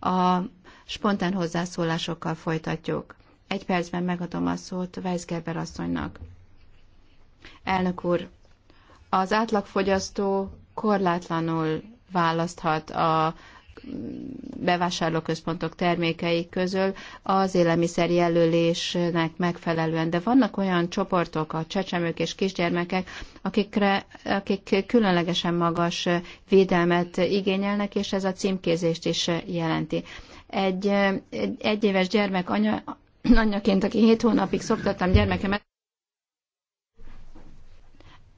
a spontán hozzászólásokkal folytatjuk. Egy percben megadom a szót Weisgerber asszonynak. Elnök úr, az átlagfogyasztó korlátlanul választhat a bevásárlóközpontok termékei közül az élelmiszer jelölésnek megfelelően. De vannak olyan csoportok, a csecsemők és kisgyermekek, akikre, akik különlegesen magas védelmet igényelnek, és ez a címkézést is jelenti. Egy, egy egyéves gyermek anya, anyaként, aki hét hónapig szoptattam gyermekemet,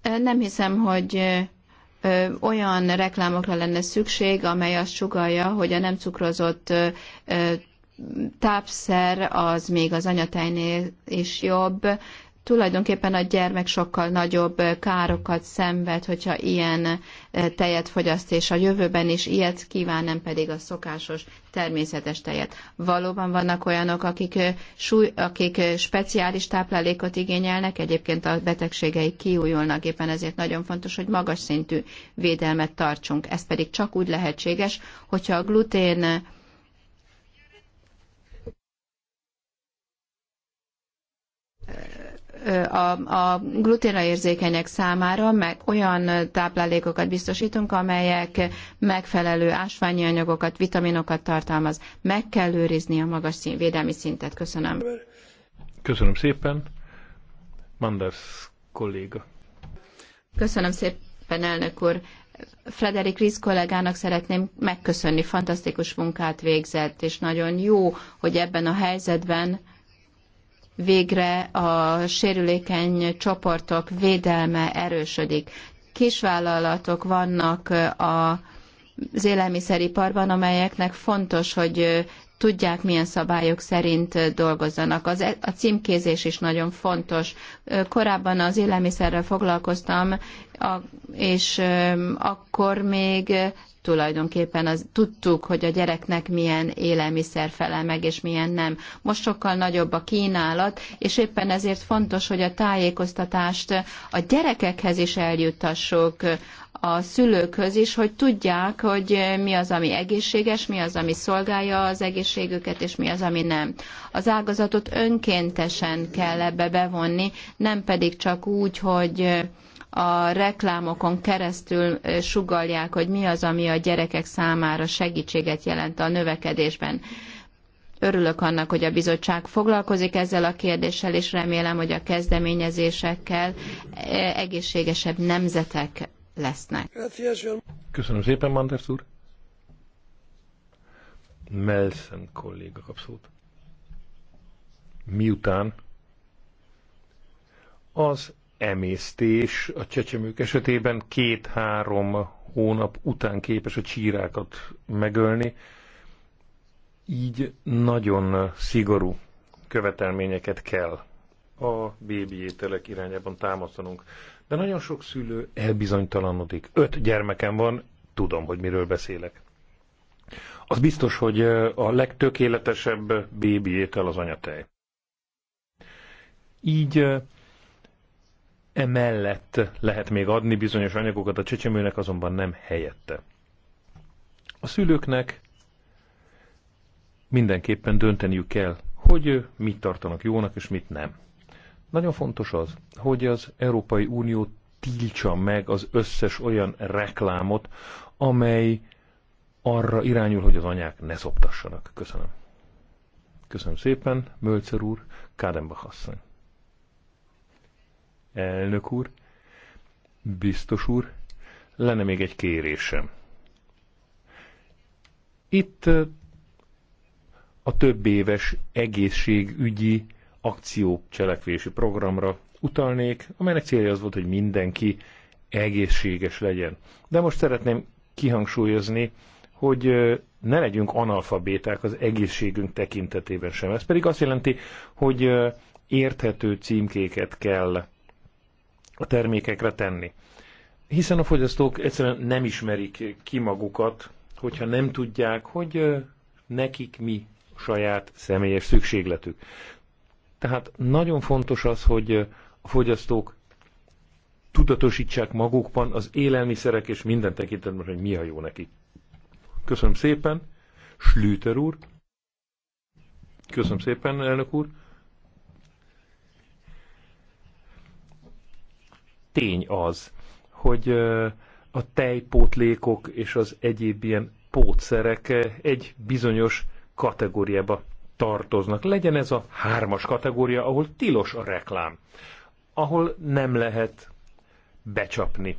nem hiszem, hogy olyan reklámokra lenne szükség, amely azt sugalja, hogy a nem cukrozott tápszer az még az anyatejnél is jobb, tulajdonképpen a gyermek sokkal nagyobb károkat szenved, hogyha ilyen tejet fogyaszt, és a jövőben is ilyet kíván, nem pedig a szokásos természetes tejet. Valóban vannak olyanok, akik, súly, akik speciális táplálékot igényelnek, egyébként a betegségeik kiújulnak, éppen ezért nagyon fontos, hogy magas szintű védelmet tartsunk. Ez pedig csak úgy lehetséges, hogyha a glutén a, a gluténra érzékenyek számára meg olyan táplálékokat biztosítunk, amelyek megfelelő ásványi anyagokat, vitaminokat tartalmaz. Meg kell őrizni a magas szín, védelmi szintet. Köszönöm. Köszönöm szépen. Manders kolléga. Köszönöm szépen, elnök úr. Frederik Riz kollégának szeretném megköszönni, fantasztikus munkát végzett, és nagyon jó, hogy ebben a helyzetben végre a sérülékeny csoportok védelme erősödik. Kisvállalatok vannak a az élelmiszeriparban, amelyeknek fontos, hogy tudják, milyen szabályok szerint dolgozzanak. Az, e, a címkézés is nagyon fontos. Korábban az élelmiszerrel foglalkoztam, a, és akkor még tulajdonképpen az, tudtuk, hogy a gyereknek milyen élelmiszer felel meg, és milyen nem. Most sokkal nagyobb a kínálat, és éppen ezért fontos, hogy a tájékoztatást a gyerekekhez is eljuttassuk, a szülőkhöz is, hogy tudják, hogy mi az, ami egészséges, mi az, ami szolgálja az egészségüket, és mi az, ami nem. Az ágazatot önkéntesen kell ebbe bevonni, nem pedig csak úgy, hogy a reklámokon keresztül sugalják, hogy mi az, ami a gyerekek számára segítséget jelent a növekedésben. Örülök annak, hogy a bizottság foglalkozik ezzel a kérdéssel, és remélem, hogy a kezdeményezésekkel egészségesebb nemzetek lesznek. Köszönöm szépen, Manders úr. Melsen kolléga kap szót. Miután az emésztés a csecsemők esetében két-három hónap után képes a csírákat megölni, így nagyon szigorú követelményeket kell a bébi ételek irányában támasztanunk. De nagyon sok szülő elbizonytalanodik. Öt gyermekem van, tudom, hogy miről beszélek. Az biztos, hogy a legtökéletesebb bébi étel az anyatej. Így Emellett lehet még adni bizonyos anyagokat a csecsemőnek, azonban nem helyette. A szülőknek mindenképpen dönteniük kell, hogy mit tartanak jónak és mit nem. Nagyon fontos az, hogy az Európai Unió tiltsa meg az összes olyan reklámot, amely arra irányul, hogy az anyák ne szoptassanak. Köszönöm. Köszönöm szépen, Mölcer úr, Kádenbach asszony. Elnök úr, biztos úr, lenne még egy kérésem. Itt a több éves egészségügyi akciócselekvési programra utalnék, amelynek célja az volt, hogy mindenki egészséges legyen. De most szeretném kihangsúlyozni, hogy ne legyünk analfabéták az egészségünk tekintetében sem. Ez pedig azt jelenti, hogy érthető címkéket kell a termékekre tenni. Hiszen a fogyasztók egyszerűen nem ismerik ki magukat, hogyha nem tudják, hogy nekik mi saját személyes szükségletük. Tehát nagyon fontos az, hogy a fogyasztók tudatosítsák magukban az élelmiszerek és minden tekintetben, hogy mi a jó nekik. Köszönöm szépen, Slüter úr. Köszönöm szépen, elnök úr. tény az, hogy a tejpótlékok és az egyéb ilyen pótszerek egy bizonyos kategóriába tartoznak. Legyen ez a hármas kategória, ahol tilos a reklám, ahol nem lehet becsapni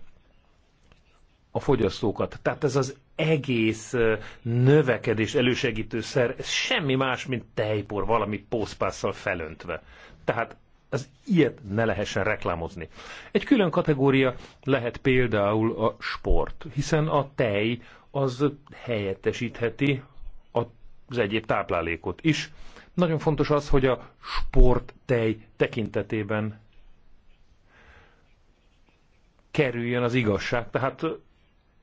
a fogyasztókat. Tehát ez az egész növekedés elősegítő szer, ez semmi más, mint tejpor, valami pószpásszal felöntve. Tehát az ilyet ne lehessen reklámozni. Egy külön kategória lehet például a sport, hiszen a tej az helyettesítheti az egyéb táplálékot is. Nagyon fontos az, hogy a sport tej tekintetében kerüljön az igazság. Tehát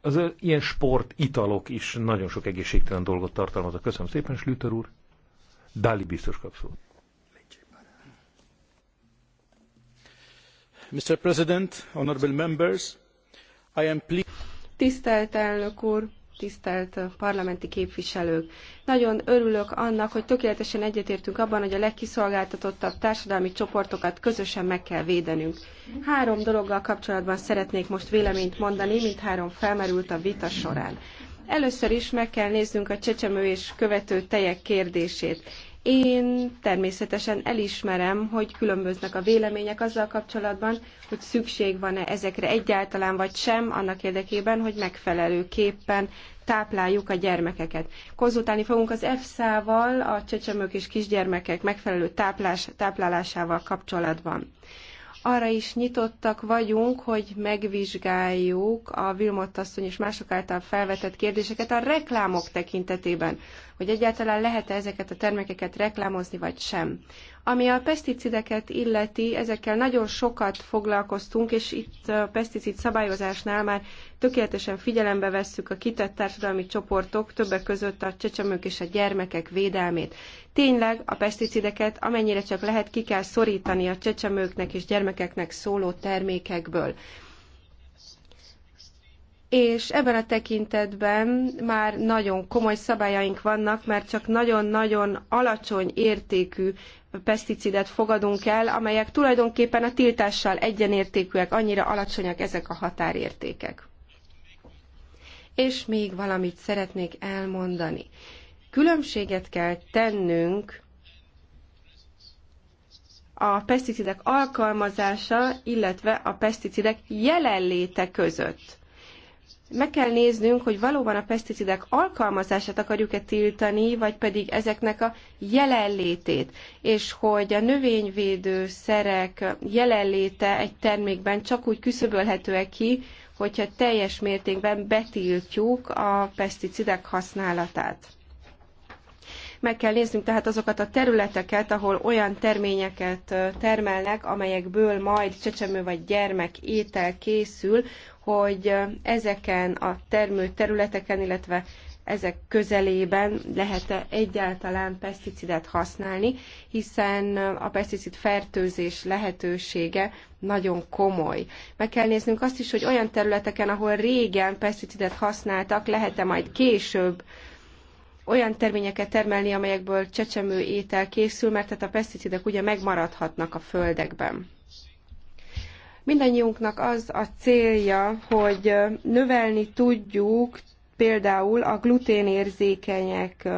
az ilyen sport italok is nagyon sok egészségtelen dolgot tartalmaznak. Köszönöm szépen, Slüter úr. Dali biztos kapszót. Mr. President, members, I am pleased. Tisztelt elnök úr, tisztelt parlamenti képviselők! Nagyon örülök annak, hogy tökéletesen egyetértünk abban, hogy a legkiszolgáltatottabb társadalmi csoportokat közösen meg kell védenünk. Három dologgal kapcsolatban szeretnék most véleményt mondani, mindhárom felmerült a vita során. Először is meg kell néznünk a csecsemő és követő tejek kérdését. Én természetesen elismerem, hogy különböznek a vélemények azzal kapcsolatban, hogy szükség van-e ezekre egyáltalán vagy sem, annak érdekében, hogy megfelelőképpen tápláljuk a gyermekeket. Konzultálni fogunk az EFSA-val, a csecsemők és kisgyermekek megfelelő táplás, táplálásával kapcsolatban. Arra is nyitottak vagyunk, hogy megvizsgáljuk a Vilmott asszony és mások által felvetett kérdéseket a reklámok tekintetében hogy egyáltalán lehet-e ezeket a termékeket reklámozni, vagy sem. Ami a peszticideket illeti, ezekkel nagyon sokat foglalkoztunk, és itt a peszticid szabályozásnál már tökéletesen figyelembe vesszük a kitett társadalmi csoportok, többek között a csecsemők és a gyermekek védelmét. Tényleg a peszticideket amennyire csak lehet ki kell szorítani a csecsemőknek és gyermekeknek szóló termékekből és ebben a tekintetben már nagyon komoly szabályaink vannak, mert csak nagyon-nagyon alacsony értékű peszticidet fogadunk el, amelyek tulajdonképpen a tiltással egyenértékűek, annyira alacsonyak ezek a határértékek. És még valamit szeretnék elmondani. Különbséget kell tennünk a peszticidek alkalmazása, illetve a peszticidek jelenléte között meg kell néznünk, hogy valóban a peszticidek alkalmazását akarjuk-e tiltani, vagy pedig ezeknek a jelenlétét, és hogy a szerek jelenléte egy termékben csak úgy küszöbölhető-e ki, hogyha teljes mértékben betiltjuk a peszticidek használatát. Meg kell néznünk tehát azokat a területeket, ahol olyan terményeket termelnek, amelyekből majd csecsemő vagy gyermek étel készül, hogy ezeken a területeken illetve ezek közelében lehet-e egyáltalán peszticidet használni, hiszen a peszticid fertőzés lehetősége nagyon komoly. Meg kell néznünk azt is, hogy olyan területeken, ahol régen peszticidet használtak, lehet-e majd később olyan terményeket termelni, amelyekből csecsemő étel készül, mert tehát a peszticidek ugye megmaradhatnak a földekben. Mindannyiunknak az a célja, hogy növelni tudjuk például a gluténérzékenyek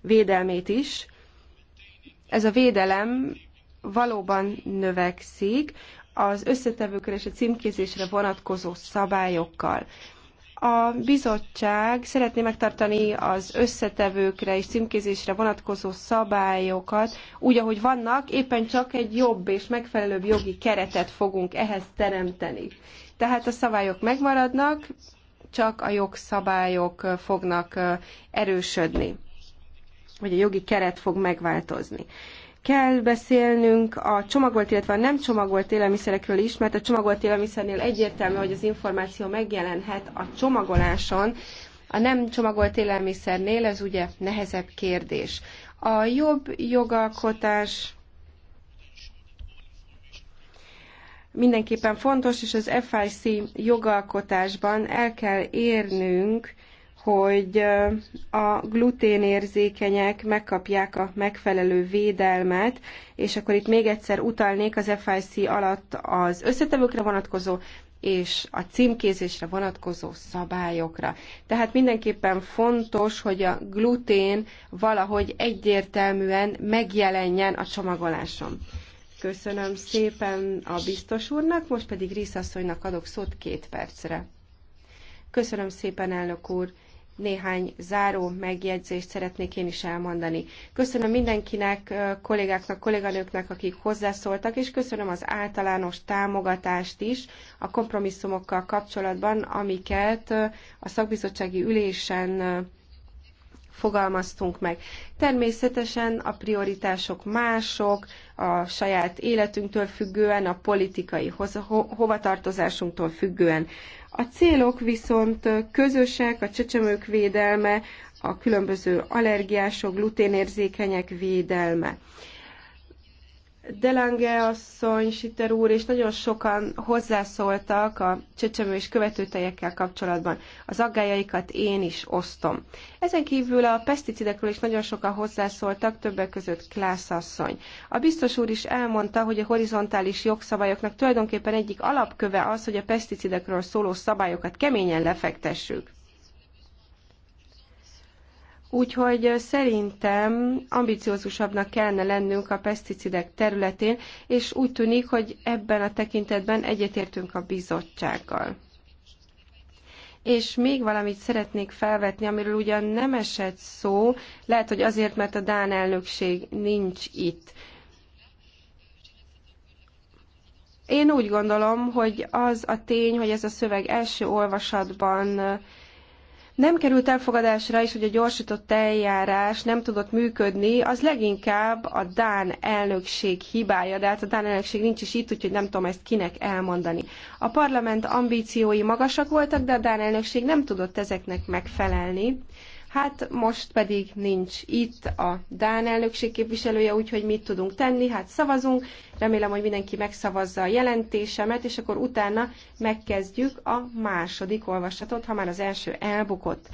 védelmét is. Ez a védelem valóban növekszik az összetevőkre és a címkézésre vonatkozó szabályokkal. A bizottság szeretné megtartani az összetevőkre és címkézésre vonatkozó szabályokat, úgy, ahogy vannak, éppen csak egy jobb és megfelelőbb jogi keretet fogunk ehhez teremteni. Tehát a szabályok megmaradnak, csak a jogszabályok fognak erősödni, vagy a jogi keret fog megváltozni. Kell beszélnünk a csomagolt, illetve a nem csomagolt élelmiszerekről is, mert a csomagolt élelmiszernél egyértelmű, hogy az információ megjelenhet a csomagoláson, a nem csomagolt élelmiszernél ez ugye nehezebb kérdés. A jobb jogalkotás mindenképpen fontos, és az FIC jogalkotásban el kell érnünk hogy a gluténérzékenyek megkapják a megfelelő védelmet, és akkor itt még egyszer utalnék az FIC alatt az összetevőkre vonatkozó és a címkézésre vonatkozó szabályokra. Tehát mindenképpen fontos, hogy a glutén valahogy egyértelműen megjelenjen a csomagoláson. Köszönöm szépen a biztos úrnak, most pedig Rízasszonynak adok szót két percre. Köszönöm szépen, elnök úr! néhány záró megjegyzést szeretnék én is elmondani. Köszönöm mindenkinek, kollégáknak, kolléganőknek, akik hozzászóltak, és köszönöm az általános támogatást is a kompromisszumokkal kapcsolatban, amiket a szakbizottsági ülésen fogalmaztunk meg. Természetesen a prioritások mások, a saját életünktől függően, a politikai hovatartozásunktól függően. A célok viszont közösek, a csecsemők védelme, a különböző allergiások, gluténérzékenyek védelme. Delange asszony, Sitter úr, és nagyon sokan hozzászóltak a csecsemő és követőtejekkel kapcsolatban. Az aggájaikat én is osztom. Ezen kívül a peszticidekről is nagyon sokan hozzászóltak, többek között Klász asszony. A biztos úr is elmondta, hogy a horizontális jogszabályoknak tulajdonképpen egyik alapköve az, hogy a peszticidekről szóló szabályokat keményen lefektessük. Úgyhogy szerintem ambiciózusabbnak kellene lennünk a peszticidek területén, és úgy tűnik, hogy ebben a tekintetben egyetértünk a bizottsággal. És még valamit szeretnék felvetni, amiről ugyan nem esett szó, lehet, hogy azért, mert a Dán elnökség nincs itt. Én úgy gondolom, hogy az a tény, hogy ez a szöveg első olvasatban nem került elfogadásra, is, hogy a gyorsított eljárás nem tudott működni, az leginkább a Dán elnökség hibája, de hát a Dán elnökség nincs is itt, úgyhogy nem tudom ezt kinek elmondani. A parlament ambíciói magasak voltak, de a Dán elnökség nem tudott ezeknek megfelelni Hát most pedig nincs itt a Dán elnökség képviselője, úgyhogy mit tudunk tenni? Hát szavazunk, remélem, hogy mindenki megszavazza a jelentésemet, és akkor utána megkezdjük a második olvasatot, ha már az első elbukott.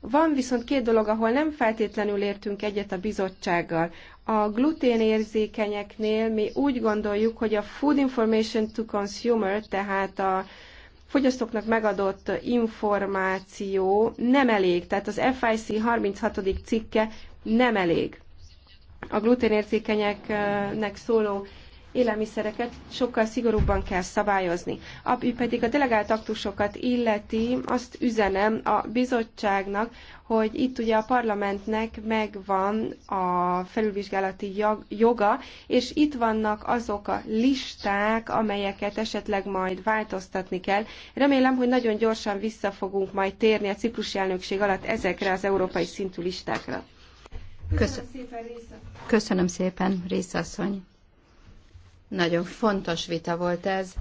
Van viszont két dolog, ahol nem feltétlenül értünk egyet a bizottsággal. A gluténérzékenyeknél mi úgy gondoljuk, hogy a Food Information to Consumer, tehát a fogyasztóknak megadott információ nem elég, tehát az FIC 36. cikke nem elég. A gluténérzékenyeknek szóló élelmiszereket sokkal szigorúbban kell szabályozni. Ami pedig a delegált aktusokat illeti, azt üzenem a bizottságnak, hogy itt ugye a parlamentnek megvan a felülvizsgálati joga, és itt vannak azok a listák, amelyeket esetleg majd változtatni kell. Remélem, hogy nagyon gyorsan vissza fogunk majd térni a ciprusi elnökség alatt ezekre az európai szintű listákra. Köszönöm szépen, Rész asszony. Nagyon fontos vita volt ez.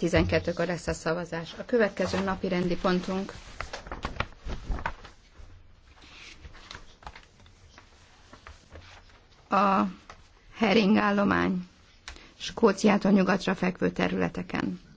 12-kor lesz a szavazás. A következő napi rendi pontunk a heringállomány Skóciától nyugatra fekvő területeken.